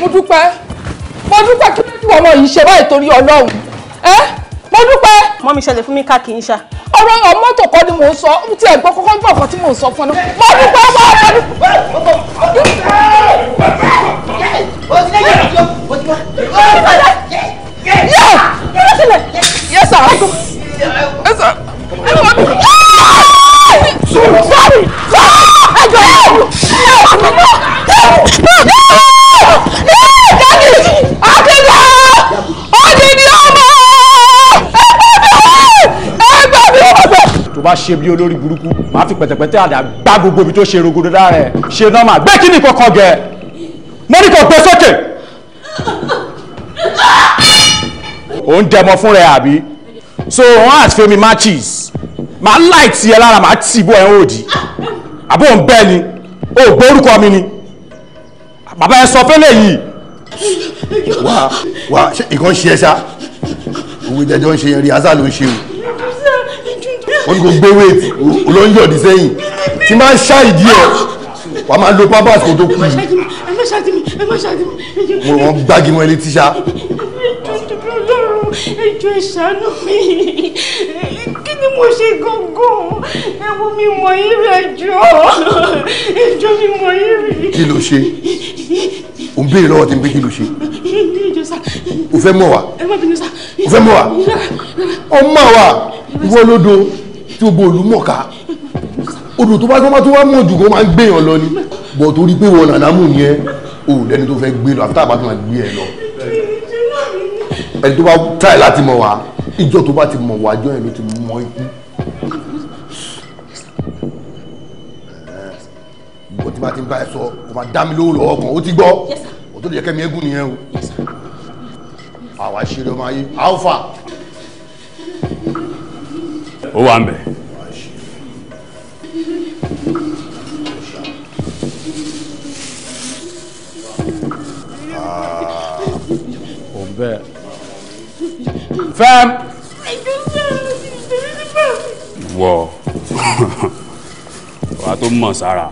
mo dúpẹ́ mo dúpẹ́ kí ló dùn ọmọ yìí ṣe báyìí torí Ọlọ́run ẹ eh! mo dúpẹ́ mọ́ mi ṣẹlẹ̀ fún mi ká kì í ṣá. ọ̀rọ̀ ọ̀rọ̀ mọ́tò kọ́ ni mò ń sọ ohun tí ẹ̀gbọ́n kọ́kọ́ ń bọ̀ fún tí mò ń sọ fún ọ náà mo dúpẹ́ ọmọ ọmọ dúpẹ́. Yes, sir. Yes, sir. Sorry. Sorry. Sorry. tó bá ṣe bí olórí burúkú màá fi pẹ̀tẹ̀pẹ̀tẹ̀ àdá gbá gbogbo ibi tó ṣe rogodo lára ẹ̀ ṣe nọ́mà gbé kíni kankan gẹ̀ mo ní kò gbé sókè. ò ń dẹmọ fún rẹ àbí so wọn àti femi matches màá láì tiẹ̀ lára màá tì bọ́ ẹ̀ ń òdì àbò ń bẹ́ ni ó gbórúkọ mi ni bàbá ẹ sọ fẹ́lẹ̀ yìí. wà wà ìkan ṣe ẹ ṣá òwe jẹjọ ń ṣe yẹn rí azá ló ń ṣe o wọ́n kò gbé wait olóńjọ́ di sẹ́yìn tí máa ń ṣá ìdí ẹ̀ wàá máa lo pampers kó tó kú yìí. ẹ má ṣáàtì mi ẹ má ṣáàtì mi. mo wọ́n gbági mọ́ ilé tíṣà. ẹjọ́ ìṣàánú mi kí ni mo ṣe gángan ẹ wo mi mọ irú ẹjọ́ ẹjọ́ mi mọ irú. kí ló ṣe o ń béèrè lọ́wọ́ tí ń pé kí ló ṣe o fẹ́ mọ̀ wá o fẹ́ mọ̀ wá ọmọ wa ìwọ lódo tí gbogbo òlú mọ̀ká odò tó bá tó bá tó bá mọ̀ jù kó máa ń gbèyàn lọ ni bọ̀ torí pé wọn nàná mú ni ẹ o lẹni tó fẹ́ gbé lọ àti tábà tó máa gbé ẹ lọ ẹni tó bá táì láti mọ̀ wá ìjọ tó bá ti mọ̀ wá jọ yẹn ló ti mọ̀ ikú. bó ti bá ti ń bá ẹ sọ kò máa dá mi lówó lọ́wọ́ kan ó ti gbọ́ ó tó lè jẹ́ kẹ́mi égún nìyẹn o àwa ṣeré ọmọ ayé alpha ó wà ń fẹ́m. wọ wàá tó mọ̀ sára.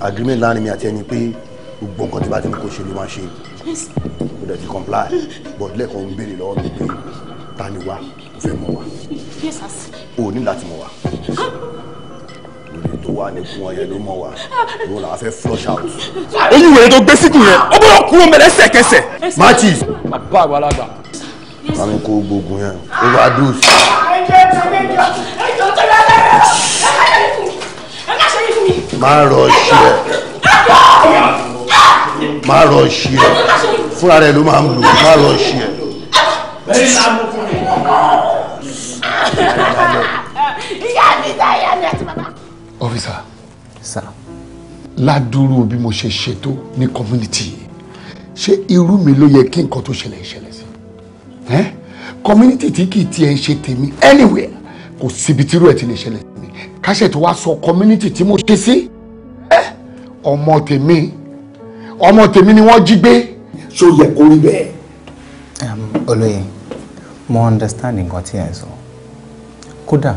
agreement láàrin mi àti ẹni pé gbogbo nǹkan tí bá ti ní kó ṣe ló máa ṣe kó dẹ̀ ti comply but lẹ́ẹ̀kan ń béèrè lọ́wọ́ mi pé ta ni wá kò fẹ́ mọ̀ wá o ní láti mọ̀ wá lórí tó wà ní kún ọyẹ ló mọ̀ wá ló là á fẹ́ flush out. èyí wèrè tó gbé síkùn yẹn ó gbọ́dọ̀ kúrò mẹ́lẹ́ sẹ̀kẹsẹ̀. matthew. bàbá àgbàlagbà. bámi kó gbógun yẹn overdose. má rọ ṣí ẹ má rọ ṣí ẹ fúnra rẹ ló máa ń lò má rọ ṣí ẹ. ìyá mi ta ìyá mi ládùúrú bí mo ṣe ṣètò ní community yìí ṣé irú mi ló yẹ kí nǹkan tó ṣẹlẹ̀ ṣẹlẹ̀ sí community tí kì í tiẹ̀ ṣe tèmi anywhere kò síbi tírú ẹ̀ ti lè ṣẹlẹ̀ sí mi káṣẹ̀ tó wá sọ community tí mo ṣe sí ọmọ tèmi ọmọ tèmi ni wọ́n jí gbé so yẹ kó rí bẹ́ẹ̀. olóye mo understand nǹkan tí ẹ sọ kódà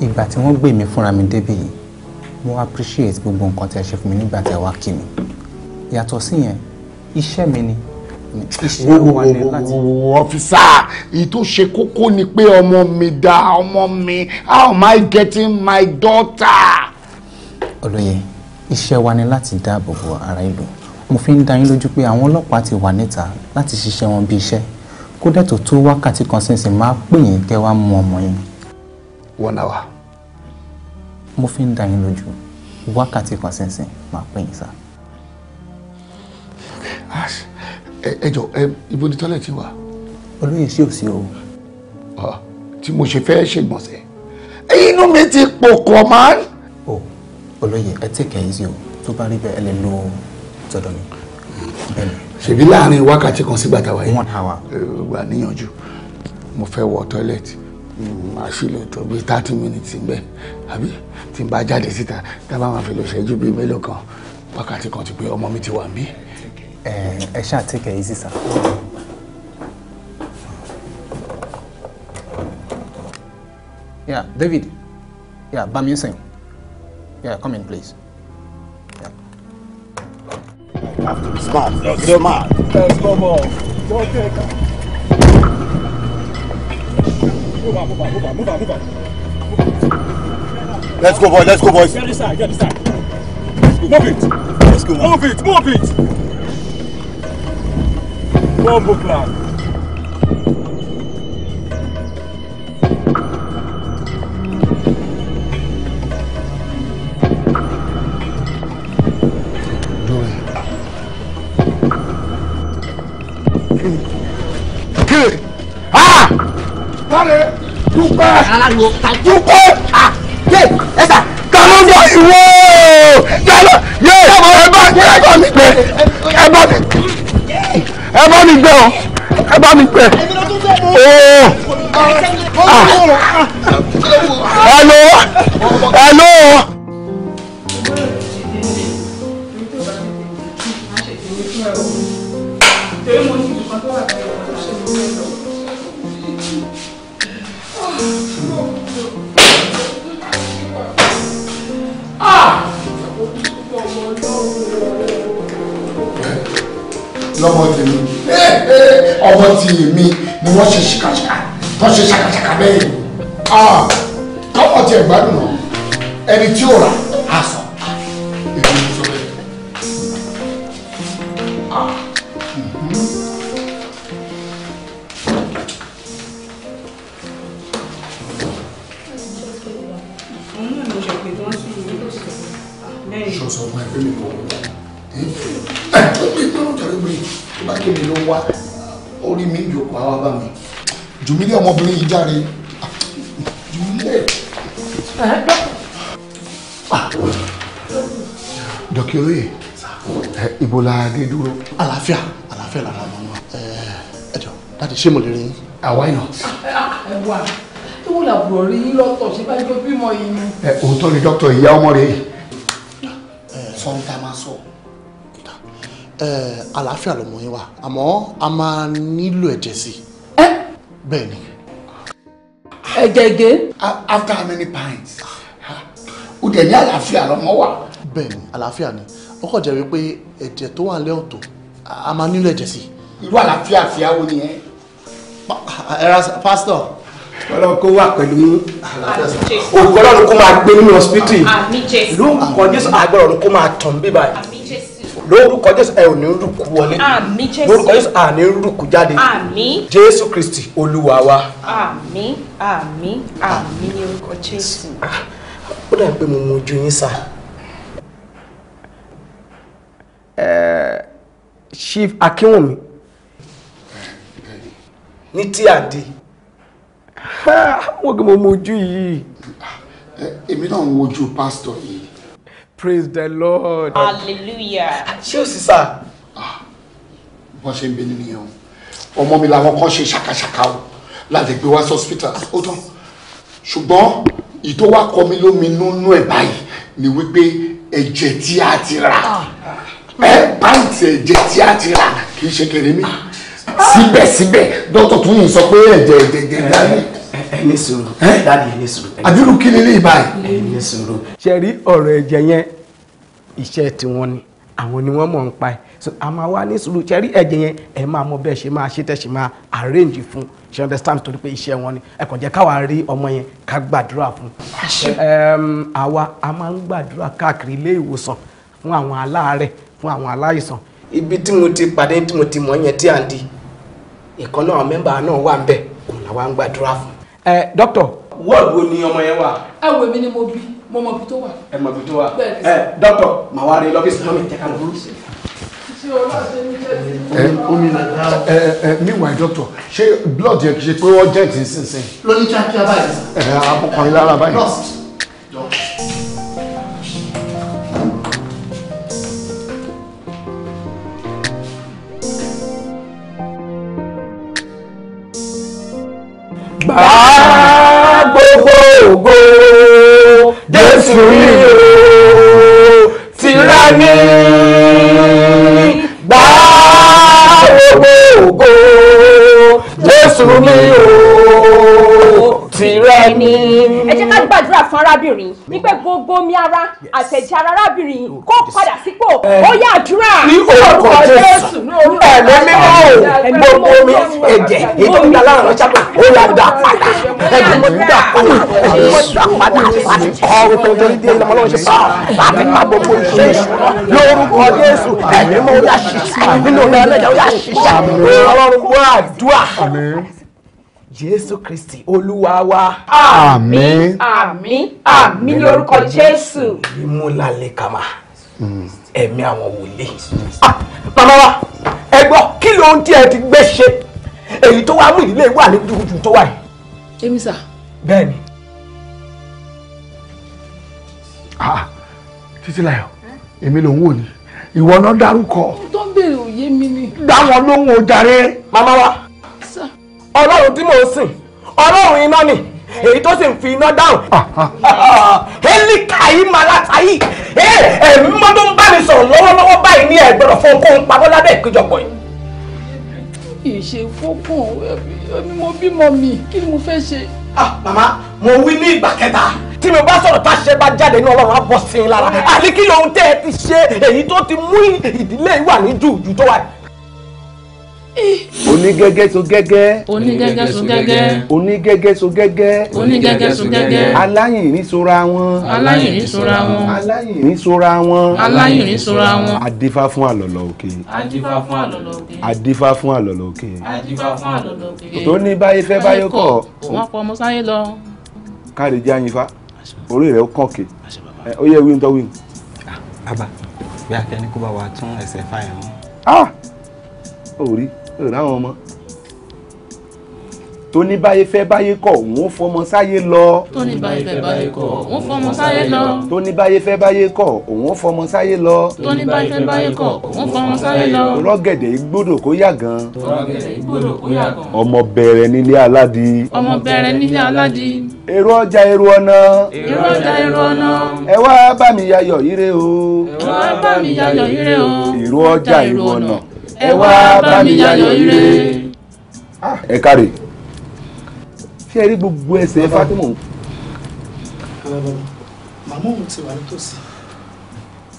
ìgbà tí wọ́n gbé mi fúnra mi débi yìí mo appreciate gbogbo nǹkan tí ẹ ṣe fún mi nígbà tí ẹ wá kí mi yàtọ̀ síyẹn iṣẹ́ mi ni ọfisa èyí tó ṣe kókó ni pé ọmọ mi dá ọmọ mi how am I getting my daughter. olóye iṣẹ́ wa ni láti dáàbò bo ara ìlú mo fi ń dá yín lójú pé àwọn ọlọ́pàá ti wà níta láti ṣiṣẹ́ wọn bí iṣẹ́ kódà tó tó wákàtí kan sínsìn máa pè yín kẹ́ wá mú ọmọ yín. one hour. mo fi ń dá yín lójú wákàtí kan sínsìn máa pè yín sá. ẹ jọ ẹ ibo ni tọ́lẹ̀ ti wà. olóyè sí o. Ah, tí mo ṣe fẹ́ ṣègbọ̀nsẹ̀ inú mi ti pòkọ̀ máa olóyè ẹ take it easy o tó bá rí bẹ́ẹ̀ ẹ lè lo tọ̀dọ̀ mi. ṣèbí láàrin wákàtí kan sígbà táwa yìí one hour gbà níyànjú mo fẹ́ wọ tọ́ílẹ̀tì àṣìlẹ̀ tó bí thirty minutes ń bẹ̀ àbí tí n bá jáde síta dábàá máa fi lọ ṣẹ́jú bíi mélòó kan wákàtí kan ti pé ọmọ mi ti wà níbí. ẹ ẹ ṣáà take it easy sir. Yeah, David. Yeah, Bamiyan Singh. Yeah, come in, please. Yeah. You have to be smart. You're so mad. Yes, come on. It's okay. Move on, move on, move on, move on, move on. Let's go, boys. Let's go, boys. Get this side. Get this side. Move it. Let's go. Move it. Move it. Move it. Move it. dúpẹ́ dúpẹ́ ah, ẹ̀sà kàlọ́ńdà ìwọ kàlọ́ yé ẹ bá ẹ bá mi pẹ́ ẹ bá mi ẹ bá mi gbẹ́ ọ ẹ bá mi pẹ́ ooo oh. ah. hello hello. lọ́mọ tèmi ọmọ tèmi ni wọ́n ṣe ṣìkàṣìkà tó ṣe ṣàkàṣàkà bẹ́ẹ̀ kọ́mọ ah, tiẹ̀ gbádùn ẹni tí ò rà. jàre. dọ́kì olóyè ibo la dé dúró. àlàáfíà àlàáfíà làwọn ọmọ wa ẹ jọ láti ṣé mo lè rí yín. àwa iná. ẹ wà tí wọn là bùrọ̀ rí yín lọ́tọ̀ ṣé bá jọ bímọ yìí ni. ẹ òótọ́ ni dókítà ìyá ọmọ rẹ yìí. sọ́ni tá a máa sọ àlàáfíà lọmọ yín wà àmọ́ a máa nílò ẹ̀jẹ̀ sí i. bẹ́ẹ̀ ni ẹ̀jẹ̀ gé. after how many pints o dẹ̀ ní àlàáfíà lọ́mọ wa. bẹ́ẹ̀ni àlàáfíà ni ó kàn jẹ́ wípé ẹ̀jẹ̀ tó wà lẹ́ ọ̀tọ̀ a máa nílò ẹ̀jẹ̀ sí. irú àlàáfíà àfíà wo ni ẹ. ẹ̀rọ pásítọ̀ ọlọ́run kó wà pẹ̀lú òkú ọlọ́run kó máa gbé nínú hospital ìlú nǹkan jésù àgbọ̀rọ̀ kó máa tàn bí lórúkọ jésù ẹ ò ní rúkú wọlé lórúkọ jésù à ní rúkú jáde jésù kristi olúwa wa. àmín àmín àmín ní orúkọ jésù. Ah, ó dàbí pé mo mọ ojú yín sá. chief akínwùmí. ní tí a di. wọ́n kì í mọ ojú yìí. Ah, èmi náà ń wojú pásítọ̀ yìí praise the lord. hallelujah. ṣé o sì sà. wọ́n ah, ṣe ń bẹ nínú yẹn o ọmọ mi làwọn kan ṣe ṣàkàṣàkà o láti gbé wá sí hospital ó tán ṣùgbọ́n wa kọ mi lómi nínú ẹ̀ báyìí ni wípé ẹ̀jẹ̀ tí a ti rà ah. ẹ pàǹtì ẹ̀jẹ̀ tí a ti rà kì í ṣe kéré mi ah. síbẹ̀síbẹ̀ dókítà tún yìí sọ pé ẹ̀jẹ̀ ẹ̀jẹ̀ ẹ̀jẹ̀ dání ẹni sùúrù dáàdi ẹni sùúrù. àdúrú kí nílé ìbáyìí. ẹni sùúrù. ṣe rí ọ̀rọ̀ ẹ̀jẹ̀ yẹn iṣẹ́ tiwọn ni àwọn ni wọ́n mọ̀ ń pa ẹ̀ so a máa wá ní sùúrù ṣe rí ẹ̀jẹ̀ yẹn ẹ̀ máa mọ bẹ́ẹ̀ ṣe máa ṣe tẹ̀ ṣe máa arrange fún ṣe understand torí pé iṣẹ́ wọn ni ẹ kàn jẹ́ káwa rí ọmọ yẹn ká gbàdúrà fún. àwa a máa ń gbàdúrà káàkiri ilé ìwòsàn fún àwọn aláàárẹ̀ fún àwọn aláìsàn. ibi tí mo ti pàdé tí mo ti mọ̀ yẹn tí à ń di ìkan mẹ́mbà náà wà ń bẹ̀ òun làwa ń gbàdúrà fún ẹ dókítà. wọ́ọ̀dù wo ni ọmọ yẹn wà. ẹ wo èmi ni mo bí mo mọ ibi tó wà. ẹ mọ ibi tó wà ẹ eh, dókítà màá wá rí lọ́fíìsì mọ́mí jẹ́ ká lọ. ẹ omi ẹ ẹ meanwhile doctor ṣé blood yẹ kì í ṣe pé wọ́n jẹ́ ìtìsínsìn. lóní kíákíá báyìí. ẹ eh, eh, abọ́kùnrin lára báyìí. Bye. Jésù yìí o tìrani gbà gbogbo ògo Jésù mi o tìrani gbàdúrà fún arábìnrin wípé gbogbo mi ara àtẹ̀jẹ́ ara arábìnrin oh, kó padà sípò eh. ó yá àdúrà ní orúkọ Jésù ẹ̀mí mímọ́ o gbogbo mi ẹ̀jẹ̀ ìdọ́gba láàrin ṣáàpọ̀ ó yá dà padà ẹ̀jẹ̀ mo dà padà ẹ̀jẹ̀ mo dà padà láti kọ́ orúkọ Jésù dé ìlànà ọlọ́run ṣe bá láti má gbogbo iṣẹ́ ìṣúná lórúkọ Jésù ẹ̀mí mímọ́ ó yá ṣiṣẹ́ nínú ọ̀rẹ́ ẹlẹ́jà ó yá ṣiṣẹ́ ọlọ́run wọ́n àdúrà jésù kristi olúwa wa. àmín àmín àmín lórúkọ jésù. ìmúlalẹ̀ kàmá hmm. ẹ̀mí àwọn wòlé. màmá ah, wa ẹ gbọ́ kí ló ń tí ẹ ti gbé ṣe èyí tó wá mú ìdílé wà ní dùdù tó wà yìí. èmi sà. bẹ́ẹ̀ ni. Ah, títí láyọ̀ èmi ló ń wò ni ìwọ náà dárúkọ. tó ń bèrè òye mi ni. dáwọn lóhùn ojàre. màmá wa ọlọ́run tí mò ń sìn ọlọ́run iná ni èyí tó sì ń fi iná dáhùn. elikayi malatayi ẹ̀mí mọ́ tó ń bá mi sọ̀rọ̀ lọ́wọ́lọ́wọ́ báyìí ní ẹ̀gbọ́dọ̀ fún kóun pamọ́ lábẹ́ ìpéjọpọ̀ yìí. ìṣe fókùn ẹbí mo bímọ mi kí ni mo fẹ́ ṣe. Ah, màmá mo wí ní ìgbà kẹta tí mi bá sọ̀rọ̀ tá a ṣe bá jáde ní ọlọ́run á bọ̀ sí i lára àní lóhun tẹ́ ẹ ti ṣe èyí tó ti mú ìdílé wà ní jù jù tó wà onígẹ́gẹ́ so gẹ́gẹ́. onígẹ́gẹ́ so gẹ́gẹ́. onígẹ́gẹ́ so gẹ́gẹ́. onígẹ́gẹ́ so gẹ́gẹ́. aláyìnrín sora wọn. aláyìnrín sora wọn. aláyìnrín sora wọn. aláyìnrín sora wọn. adífá fún àlọ́lọ́ òkè. adífá fún àlọ́lọ́ òkè. adífá fún àlọ́lọ́ òkè. adífá fún àlọ́lọ́ òkè. tó ní báyé fẹ́ báyé kọ̀. wọ́n pọ̀ ọmọ sáyé lọ. káre jẹ́ àyìnfá orí rẹ̀ ó kàn ké. ó yẹ wíńtọ́ wíń. àbá ah, bí akẹ́ni kó bá wa tún ẹsẹ̀ fáyà mọ́. ah orí. Oh, ráwọn ọmọ tóní báyé fẹ́ báyé kọ̀ òun ó fọmọ sáyé lọ. tóní báyé fẹ́ báyé kọ̀ òun ó fọmọ sáyé lọ. tóní báyé fẹ́ báyé kọ̀ òun ó fọmọ sáyé lọ. tóní báyé fẹ́ báyé kọ̀ òun ó fọmọ sáyé lọ. rọ́gẹ̀dẹ̀ gbọ́dọ̀ kó yà gan. rọ́gẹ̀dẹ̀ gbọ́dọ̀ kó yà gan. ọmọ bẹ̀rẹ̀ nílé aládì. ọmọ bẹ̀rẹ̀ nílé aládì. èrò ọjà èrò ọ̀nà. èrò ọjà èrò ọ̀nà. ẹ wá bá mi yayọ̀ ire o. ẹ wá bá mi yayọ̀ ire o. èrò ẹ wá bá mi yayọ̀ ire. Ah, ẹ káre ṣé ẹ rí gbogbo ẹsẹ̀ Fatima. màmá òun ti wà nítòsí.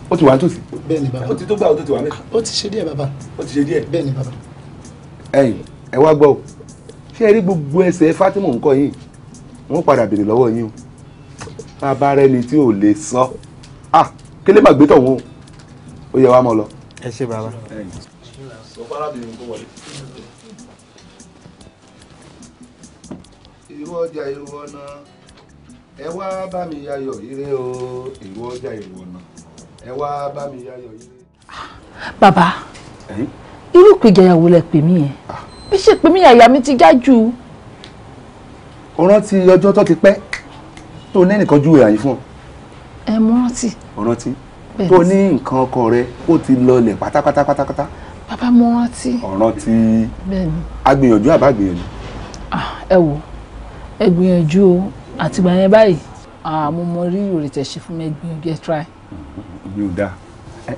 ó ti wà nítòsí. bẹ́ẹ̀ ni bàbá ó ti tó gbà ó tó ti wà mẹ́ta. ó ti ṣe díẹ̀ bàbá. ó ti ṣe díẹ̀. bẹ́ẹ̀ ni bàbá. ẹ̀yin ẹ wá gbọ́ o ṣé ẹ rí gbogbo ẹsẹ̀ Fatima ń kọ́ yìí wọ́n padà béèrè lọ́wọ́ yín o bàbá rẹ ni tí ò lè sọ ah kí lè má gbé tọ̀hún o ó yẹ wá mọ́ lọ. ẹ ṣe bàbá pa arábìnrin tó wọlé. ìwọ ọjà ìwọ náà ẹ wá bá mi yayọ̀ ire o ìwọ ọjà ìwọ náà ẹ wá bá mi yayọ̀ ire. bàbá irú ìpèjàyàwó lẹ pè mí yẹn ah. bí ṣe pè mí àyà mi ti já jù. o rántí ọjọ́ tó ti pẹ́ tó ní ẹnìkan ju ìràyìn fún ọ. ẹ mo rántí. o rántí tó ní nǹkan ọkọ rẹ ó ti lọlẹ̀ pátápátá bàbá mo rántí. ọ̀ràn tí agbìyànjú àbá gbìyànjú. ẹ wò ẹ gbìyànjú o àtìgbà yẹn báyìí mo mọ rí òrè tẹ̀ ṣe fún mi ẹ gbìyànjú ẹ try. mi ò dáa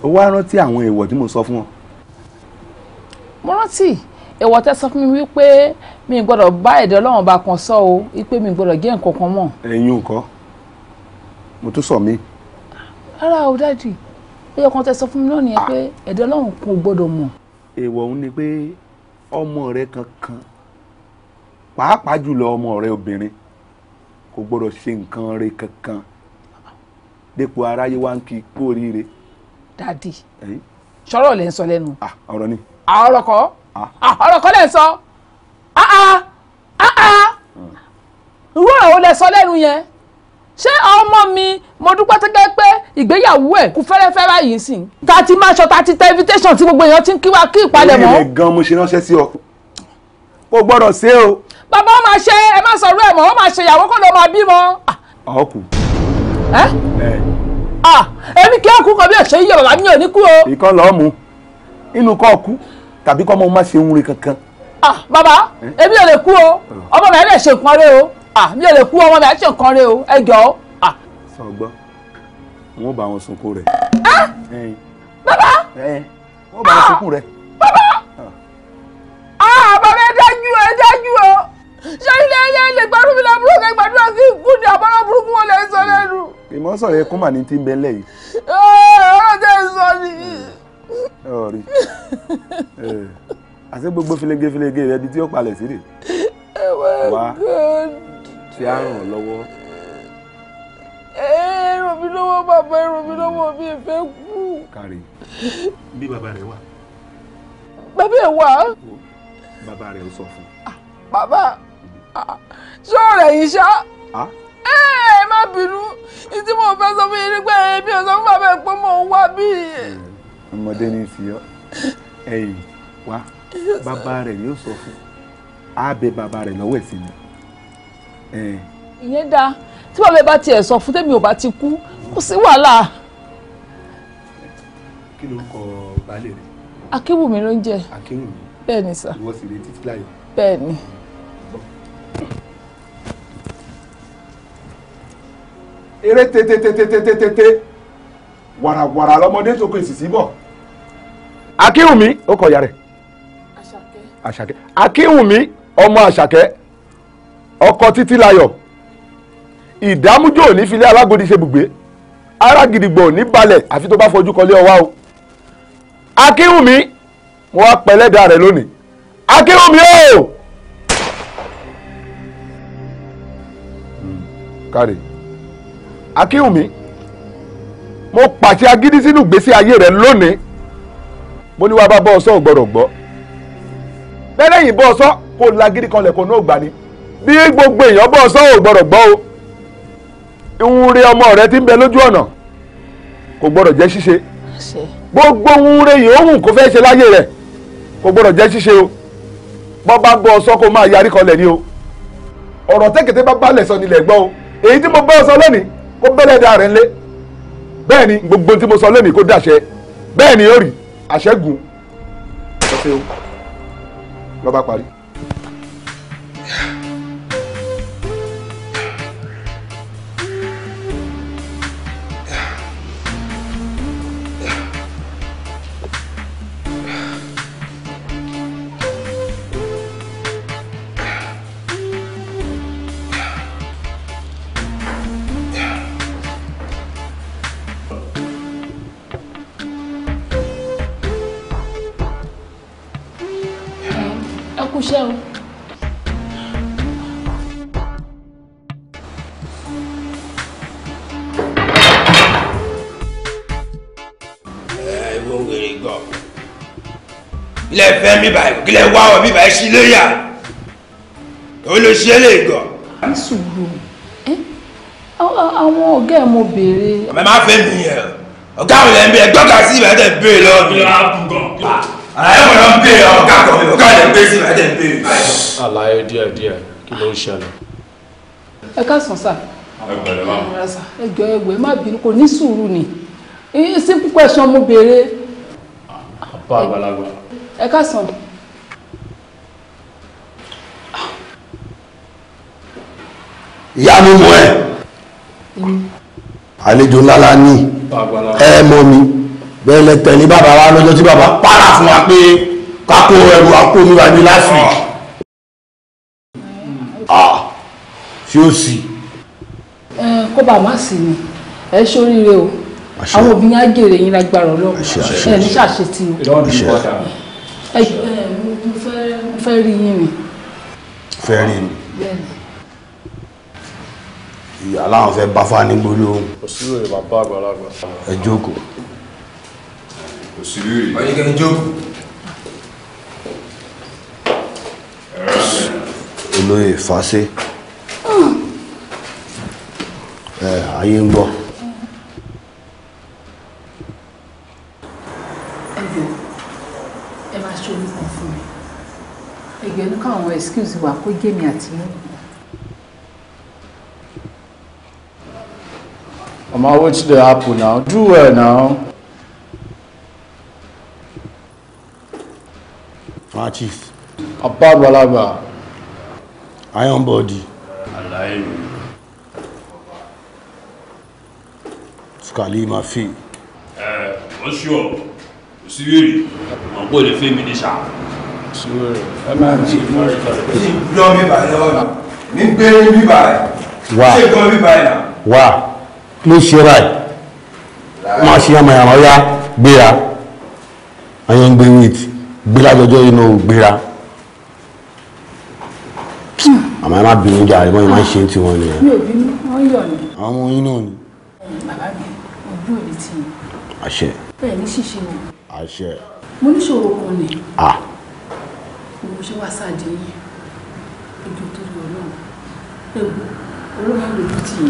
ó wá rántí àwọn èèwọ̀ tí mo sọ fún ọ. mo rántí èèwọ̀ tẹ́ sọ fún mi wípé mi gbọ́dọ̀ bá ẹ̀dẹ̀ ọlọ́run bá kan sọ o wípé mi gbọ́dọ̀ gé nǹkan kan mọ́. ẹ̀yin ò kọ́ mo tún sọ mí. rárá o dáàdì ẹyọ kan tẹ sọ fún mi lónìí yẹn pé ẹ̀dá ọlọ́run kò gbọ́dọ̀ mọ̀. èèwọ̀ òun ni pé ọmọ rẹ kankan pàápàá jùlọ ọmọ rẹ obìnrin kò gbọ́dọ̀ ṣe nǹkan rẹ kankan dépò aráyé wá ń kí kú oríire. dadi sọ̀rọ̀ lẹ́ ń sọ lẹ́nu. ọ̀rọ̀ ni. ọ̀rọ̀ kọ́ ọ̀rọ̀ kọ́ lẹ́ ń sọ irú ọ̀rọ̀ wo lẹ sọ lẹ́nu yẹn ṣé ọmọ mi mo dúpẹ́ tẹ́gẹ́ pé ìgbéyàwó ẹ̀ kú fẹ́rẹ́fẹ́ báyìí sí i ta ti máa ṣọ ta ti tẹ invitation tí gbogbo èèyàn ti ń kí wa kí ìpalẹ̀ mọ́. ìrìn gan mo ṣe ránṣẹ́ sí ọ kò gbọ́dọ̀ ṣe o. bàbá ó máa ṣe ẹ má sọ̀rọ̀ ẹ̀ mọ́ ó máa ṣe ìyàwó kó ló máa bímọ. ọkù. ẹ ẹ èmi kí ọkù kan bí ẹ̀ṣẹ̀ yíyọ bàbá mi ò ní kú o. ìkan lọ́ọ́ mu inú kọ́ ọkù tàbí kọ́ ọmọ má ṣe ń rin kankan. bàbá èmi ò lè kú o ọmọ Ah, mi ò lè kú ọmọ mi àti nǹkan rẹ o ẹ jọ. sọ gbọ́ wọn ò bá wọn sunkún rẹ. bàbá wọn ò bá wọn sunkún rẹ. bàbá bàbá ẹ dájú ẹ dájú o ṣé ilé ilé ilé gbàdúrà mi lábúrò kẹ gbàdúrà sí ikú ni àbọ̀rọ̀ burúkú wọn lè sọ lẹ́nu. ìmọ̀ sọ̀rọ̀ ẹkún mà ní tí ń bẹ lẹ́yìn. ọ̀rọ̀ tẹ̀ sọ ni. ọ̀rí àti gbogbo filegefilege rẹ di tí ó palẹ̀ sí rè. ẹ wá gbọ́dọ̀ tí a ràn lọ́wọ́. ẹ ẹ ràn mí lọ́wọ́ bàbá ẹ ràn mí lọ́wọ́ mi ẹ fẹ́ kú. kárí bí bàbá rẹ wà. bàbá ẹ wà. bàbá rẹ ń sọ fún. Ah, bàbá ah, ṣé ọ̀rẹ́ yìí ṣá. ẹ ẹ má bínú ìdí mo fẹ́ sọ fún yín nígbà yẹn bí ọ̀sán fún bàbá ẹ pé mo ń wá bí. ọmọdé ní ìsìn ọ ẹ̀yìn wá bàbá rẹ ni ó sọ fún a bẹ bàbá rẹ lọ́wọ́ ẹ sí ni. Eh. ìyẹn dáa tí bàbá ẹ bá tiẹ̀ sọ fún tèmi ò bá ti kú kò sí wàhálà. kí ló ń kọ baálé rẹ. akéwùmí ló ń jẹ. akéwùmí. bẹ́ẹ̀ ni sà. ìwọ sì lè títí láyọ̀. bẹ́ẹ̀ ni. eré tètètètètètè wàràwàrà lọmọdé tó kọ èsìsì bọ̀. akéwùmí ó kọ ìyá rẹ̀. àṣàkẹ́. àṣàkẹ́ akéwùmí ọmọ àṣàkẹ́ ọkọ títí layọ̀ ìdámújò ò ní filẹ̀ alágodi ṣe bùgbé ara gidigbọ̀ ò ní balẹ̀ àfi tó bá fojú kọlé ọwá o akínwùmí mo wá pẹ̀lẹ́dà rẹ̀ lónìí akínwùmí o. Hmm, káre akínwùmí mo pàṣẹ agídí sínú ìgbésí ayé rẹ lónìí mo ní wàá bá bọ́ ọ sọ ò gbọ́dọ̀ gbọ́ bẹ́ẹ̀ lẹ́yìn bọ́ ọ sọ kó lagídí kanlẹ̀ kó náà gbà ni bí gbogbo èèyàn bọ̀ sọ́wọ́ gbọ́dọ̀ gbọ́ o ìhun rẹ ọmọ rẹ ti ń bẹ lójú ọ̀nà kò gbọ́dọ̀ jẹ́ ṣíṣe gbogbo ohun rẹ yòówù kó fẹ́ ṣe láyé rẹ kò gbọ́dọ̀ jẹ́ ṣíṣe o bọ́ bá gbọ́ ọsọ kó máa yarí kọlẹ̀ ni o ọ̀rọ̀ tẹ́kẹ̀tẹ́ bá balẹ̀ sọ nílẹ̀ gbọ́ o èyí tí mo bá sọ lónìí kó bẹ́lẹ̀ da rẹ̀ ńlẹ̀ bẹ́ẹ̀ ni gbogbo tí mo sọ lónìí kó dàṣẹ bẹ́ẹ̀ ni ó rí àṣẹ gùn lọ́ba parí. iṣẹ́ o. ìwọ wèrè gbọ́ ilé fẹ́ mi báyìí kílẹ̀ wá ọ mi báyìí sí lóyà olóṣèlú lè gbọ́. ní sùúrù àwọn ọ̀gá ẹ̀ mo béèrè. màmá fẹ́ mi yẹn ọ̀gá òun lẹ́nu bí ẹgbẹ́ ọ̀gá sí ìbàdàn béèrè lọ́wọ́ mi. kí ló á kú gan àyè mo lọ ń bèrè ọ̀gá kan mi ọ̀gá rẹ̀ ń bèrè sí ìbàdí ń bèrè báyìí. àlàyé díẹ̀ díẹ̀ kí ló ń ṣẹlẹ̀. ẹ káàsán sá ẹ jọ ẹ wẹ má bínú kò ní sùúrù ni simple question mo béèrè. àbá àgbàlagbà. ẹ káàsán. ìyá mi mọ ẹ àlejò ńlá la ní ẹ mọ mi bẹ́ẹ̀ lẹ tẹ̀lé bàbá wa lọ́jọ́ tí bàbá pààrà fún wa pé kákó ẹrù àpò mi wà ní last week tí ah, ó sì. kó bá má sí ni ẹ ṣoríire o àwọn obìnrin á jèrè yín lágbára Ọlọ́run ẹ ní ṣàṣetì o ẹ mo fẹ́ rí yín ni. fẹ́ rí mi ìyá aláwọn fẹ́ bá fani gbólóhùn. ẹ jókòó sí lórí. ọ̀yẹ́kẹ́ ń jókòó. olóyè fàṣẹ ẹ ayé ń gbọ́. ẹ máa ṣe olùkọ́ fún mi ẹgbẹ̀rún káwọn excuse wa kó Mama, what should happen now? Do well now. Francis. apá àgbàlagbà. iron body. àlàyé mi. sukali ma fi. ẹ wọ́n ṣí ọ kò sí wèrè mọ̀ pé o lè fẹ́ mi ní sá. ẹ máa jí ìmọ̀ràn kan. ní gbọ́ mi bàjẹ́ ọ̀nà ní gbé mi bàjẹ́. wá ṣé gbọ́ mi bàjẹ́ náà. wá ló gbéra jọjọ inú gbéra àmọ́ ẹ má bínú jà àríwọ́ yìí má ṣe tí wọ́n ni ẹ̀. àṣẹ. bẹ́ẹ̀ ní ṣíṣe kan ni. mo ṣe wá sáàdì yín ojú tó lọ náà ewu olóhùn lójú ti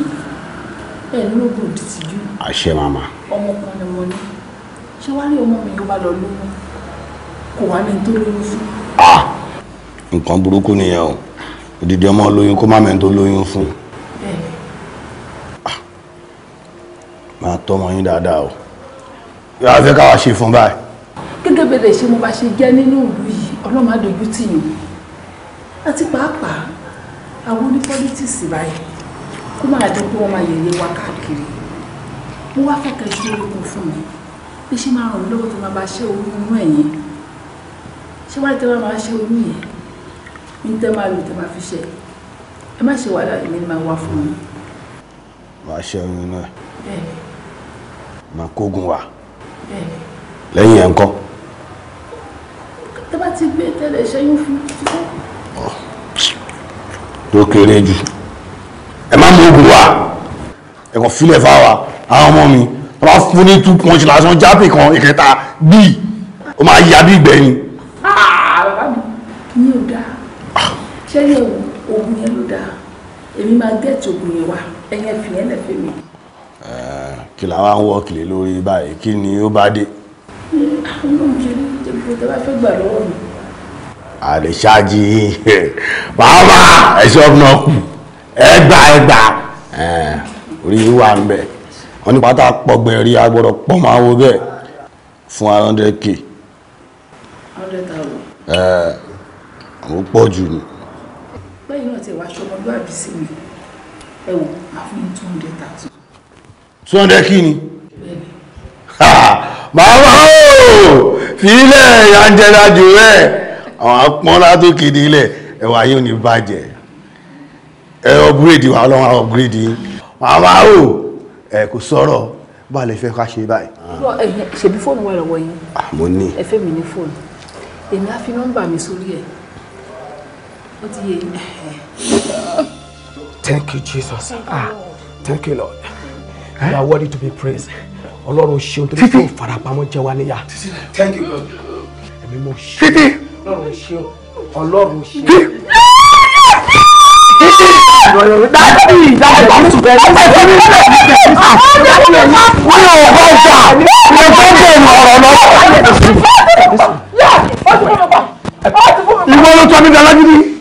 ẹ ní oògùn òdì tìjú. àṣẹ màmá. ọmọkùnrin wọn ni ṣé wàá rí ọmọ mi yóò bá lọ lóyún kò wá ní tó lóyún fún. Ah! nǹkan burúkú nìyẹn o òdìdí ọmọ lóyún kó má mẹ́ni tó lóyún fún. Ah! máa tọ́mọ yín dáadáa o yóò fẹ́ káwa ṣe fún báyìí. gẹ́gẹ́ bẹ́ẹ̀ ṣe mo bá ṣe jẹ́ nínú ìlú yìí ọlọ́mọ àdójú tì yín àti pàápàá àwọn onípọ́lítíìsì báyìí kó máa jẹ́ pé wọ́n máa yẹ̀yẹ́ wa káàkiri mo wá fẹ́ kẹ́ ṣe orúkọ fún mi bí ṣe máa ràn mí lọ́wọ́ tó máa bá ṣe orúkọ inú ẹ̀yìn ṣé wàá tẹ́ wá máa ṣe omi yẹn ní tẹ́ máa lò tẹ́ máa fi ṣe ẹ má ṣe wàhálà èmi ni máa wá fún mi. màá ṣe oyún náà màá kógun wá lẹ́yìn ẹ̀ ń kọ́. tẹ́ bá ti gbé tẹ́lẹ̀ ṣẹ́yún fún títí. tó kéré jù ẹ má mú ogun wá ẹ kàn fílẹ̀ fáwa àwọn ọmọ mi wọ́n fún ní two punch lásán jápè kan ìkẹta bíi ó máa yá bí ìgbẹ́yìn. ṣẹ́yìn ogun yẹn ló dáa èmi máa gẹ̀ẹ́tì ogun yẹn wá ẹ̀yẹ fìyẹn lẹ̀ fẹ́ mi. Eh, kìlà wa ń wọ kìlè lórí báyìí kí ni ó bá dé. àwọn ọmọ mi ṣe ibi tó bá fẹ́ gbà lọ́wọ́ mi. àlè ṣáájì bàbá ẹ̀ṣọ́ ọ̀nà kù ẹgbà ẹgbà eh, orí wà ń bẹ̀ wọ́n ní pátá pọ̀gbẹ̀ rí agbọ́dọ̀ pọ̀ máa wo bẹ́ẹ̀ fún one hundred k. one hundred thousand. ẹ eh, àwọn pọ̀ jù ni bẹ́ẹ̀ náà ti wá ṣọmọ lóàbí sí mi ẹ wò máa fún yín two hundred thousand. two hundred kí ni. màmá o fílẹ̀ yanjẹ́ra jù rẹ̀ àwọn apọ́nlá tó kéde ilẹ̀ ẹ̀wà yóò ní bàjẹ́ ẹ upgrade wa ọlọ́run àwọn upgrade yín màmá o ẹ kò sọ̀rọ̀ bá a lè fẹ́ ká ṣe báyìí. ṣèbí fóònù wà lọ́wọ́ yín. àmọ́ ah, ní. ẹ fẹ́ Thank you, Jesus. ah, thank you, Lord. Eh? You are worthy to be praised. Ọlọ́run ṣeun tó ní kí o farapamọ́ jẹ wá Thank you, Lord. Ẹ̀mí mo ṣe. Ọlọ́run ṣeun. Ọlọ́run ṣeun. Dadi, dadi, bàbá mi ló tọ́ mi dára gidi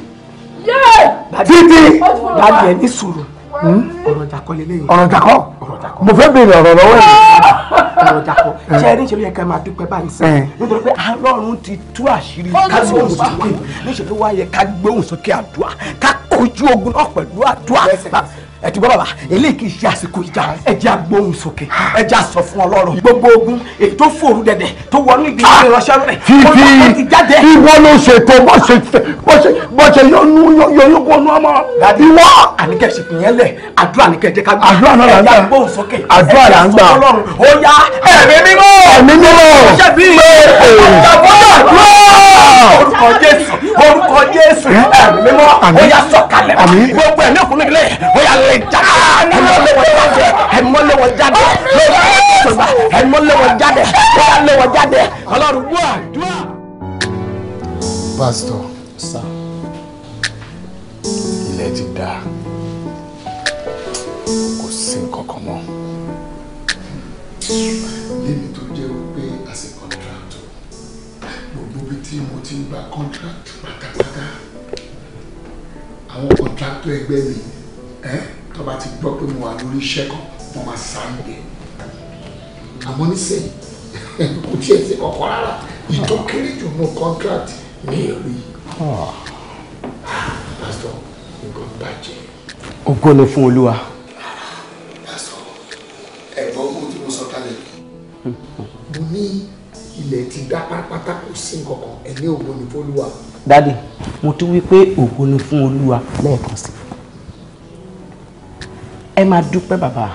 baálé ẹ ní sùúrù hmm? ọ̀rọ̀ jàkọ́ lélẹ́yìn. ọ̀rọ̀ jàkọ́ mo fẹ́ béèrè ọ̀rọ̀ lọ́wọ́ ẹ̀. ọ̀rọ̀ jàkọ́ eh. ṣe eré ìṣòro yẹn ká máa dúpẹ́ báyìí sí eh. nítorí pé Ọlọ́run ti tú àṣírí kágbóhùn sókè níṣẹ́ tó wáyé ká gbóhùn sókè àdúrà ká kojú ogun náà pẹ̀lú àdúrà ẹtùgbọ́n bàbá eléyìí kì í ṣe àsìkò ìjà ẹjẹ́ agbóhùn sókè ẹjẹ́ àsọ fún ọlọ́run gbogbo ogun ètò fòrú dẹ̀dẹ̀ tó wọnú ìgbìmọ̀ ìránṣẹ́ rẹ̀ fífi ìwọ ló ṣètò bọ́ṣe yọyún wọnú ọmọ ìwọ. àníkẹ́ ṣìkì yẹn lẹ̀ àdúrà ní kẹ́jẹ́ ká gbé ẹjẹ́ agbóhùn sókè ẹjẹ́ àsọ fún ọlọ́run ó yá ẹ̀mí mímọ́ ẹ̀mí mímọ́ orúkọ Jésù ẹ̀mí mímọ́ ó yá sọ̀kalẹ̀ gbogbo ẹ̀mí òkúnnilẹ̀ ó yá lẹ́ Pastor. ẹ mọ́ lé wọn jáde ẹ mọ́ lé wọn jáde lórí àtọ̀gbà ẹ mọ́ lé wọn jáde wọ́n lé wọn jáde ọlọ́run wà dùà. pásítọ̀ sá ilẹ̀ ti dá kò sí nǹkan kan mọ́ lémi tó jẹ́ pé àṣẹ kọ́ńtráàtù gbogbo ibi tí mo ti ń gba kọ́ńtráàtù pátápátá àwọn kọ́ńtráàtù ẹgbẹ́ mi ẹ́. Eh? tó bá ti gbọ́ pé mo wà lórí iṣẹ́ kan wọ́n máa sáré bẹ̀ àmọ́ nísìnyí kò tiẹ̀ sí kọ̀kọ́ rárá ìtó kéré jù nù contract ní èrí pásítọ̀ nǹkan bàjẹ́. ògo ni fún olúwa. pásítọ̀ ẹ̀gbọ́n kò tí mo sọ kalẹ̀. mo ní ilẹ̀ ti dá pátápátá kò sí nǹkan kan ẹ̀ ní ògo ni fún olúwa. dádì mo tún wí pé ògo ni fún olúwa lẹ́ẹ̀kan sí i ẹ máa dúpẹ́ bàbá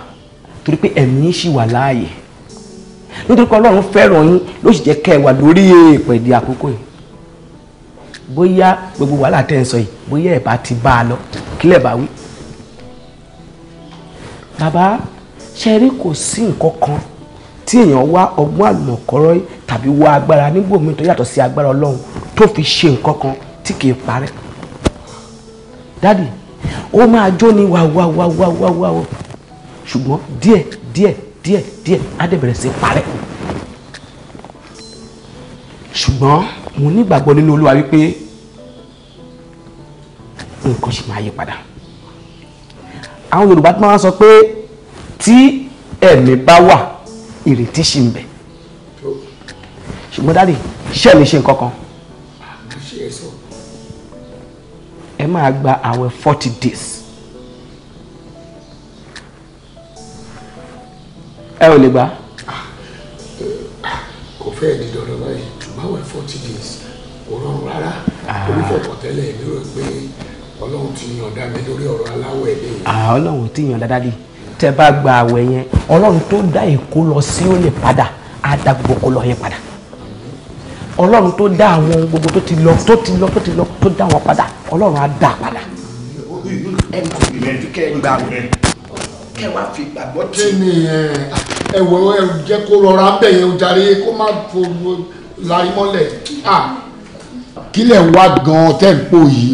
torí pé ẹ̀mí ṣì wà láàyè nítorí pé ọlọ́run fẹ́ràn yín ló sì jẹ́ kẹ́ ẹ wà lórí èèpẹ̀ di àkókò yìí bóyá gbogbo wàhálà tẹ́ ń sọ yìí bóyá ẹ̀ bá ti bá a lọ kílẹ̀ bá wí. bàbá ṣe rí kò sí nǹkan kan tí èèyàn wá ọgbọ́n àlùmọ̀kọ́rọ́ tàbí wá agbára nígbòmí tó yàtọ̀ sí agbára ọlọ́run tó fi ṣe nǹkan kan tí kì í parẹ́. dádì ó máa jó ni wàwàwàwàwà ṣùgbọ́n díẹ̀ díẹ̀ díẹ̀ díẹ̀ á dẹ̀ bẹ̀rẹ̀ sí parẹ́ ṣùgbọ́n mo nígbàgbọ́ nínú olúwa wípé nǹkan ṣì máa yí padà àwọn yorùbá tí wọ́n sọ pé tí ẹ̀mí bá wà ìrètí ṣì ń bẹ ṣùgbọ́n dáàdi ṣé lè ṣe nǹkan kan ẹ máa gba àwẹ̀ forty days ẹ ò lè gbà. kò fẹ́ẹ̀ di dandan báyìí báwẹ̀ forty days kò rọrùn rárá ah. onífọ̀kọ̀ tẹ́lẹ̀ mi rò pé ọlọ́run ti yàn dá mi lórí ọ̀rọ̀ aláwọ̀ ẹ̀ lẹ́yìn. Ah, ọlọ́run ti yàn dáadáa lè tẹ bá gba àwẹ̀ yẹn ọlọ́run tó dá èkó lọ sí ó lè padà á dá gbogbo kó lọ yẹn padà ọlọ́run tó dá àwọn ohun gbogbo tó ti lọ tó ti lọ tó ti lọ tó dá wọn padà ọlọ́run á dá padà. ẹ kò gbìyànjú kẹ ẹ gbà wẹ kẹ wàá fi gbàgbọ́ tí. kí ni ẹ wọ ẹ jẹ́ kó rọra bẹ̀ yẹn jàre kó má fò láyé mọ́lẹ̀ kí lẹ̀ wá gan-an tẹ́ yìí.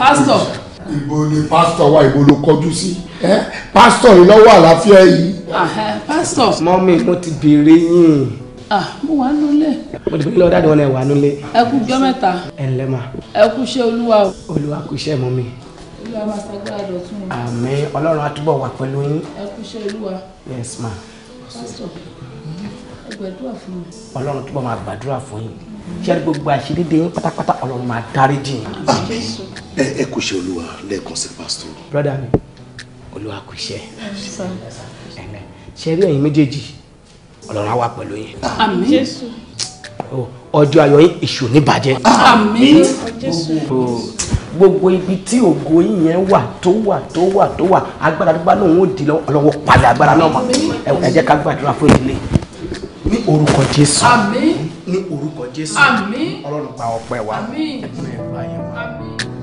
pásítọ̀. ibo ni pásítọ̀ wa ibo ló kọjú sí pásítọ̀ ìlọ́wọ́ àlàáfíà yìí. pásítọ̀. mọ́mí mo ti béèrè yín ah mo wà nulẹ̀. mo ti fi lọ dáadọ́ lẹ wà nulẹ̀. ẹ kú jọ mẹ́ta. ẹ ǹlẹ́ ma. ẹ kú iṣẹ́ olúwa o. olúwa kú iṣẹ́ mọ́ mi. olúwa máa ṣàgbára dọ̀tún mi. àmín ọlọ́run á túbọ̀ wà pẹ̀lú yín. ẹ kú iṣẹ́ olúwa. yes ma. pásítọ̀ ẹ gbàdúrà fún mi. ọlọ́run túbọ̀ máa gbàdúrà fún yín ṣẹ́ni gbogbo àṣírídé yín pátápátá ọlọ́run máa dárí jìn. ẹ ẹ kú iṣẹ́ olúwa lẹ́ẹ̀kan sí pásítọ̀. brọ́dà mi olúwa kú iṣẹ́ ṣẹ́rí ẹ̀yin méjèèjì ọlọ́run á wà pẹ̀lú yín. àmín jésù. Oh, ọjọ́ ayọ̀ yín èṣù ní bàjẹ́. gbogbo ibi tí ògo yín wà tó wà tó wà tó wà agbára tó bá lóun ó di ọlọ́wọ́ palẹ̀ agbára náà mọ̀ ẹ jẹ́ ká gbàdúrà fún ìdílé ní orúkọ jésù. ní orúkọ jésù. ọlọ́run gba ọpẹ́ wa. àmín ẹ̀ bá yẹn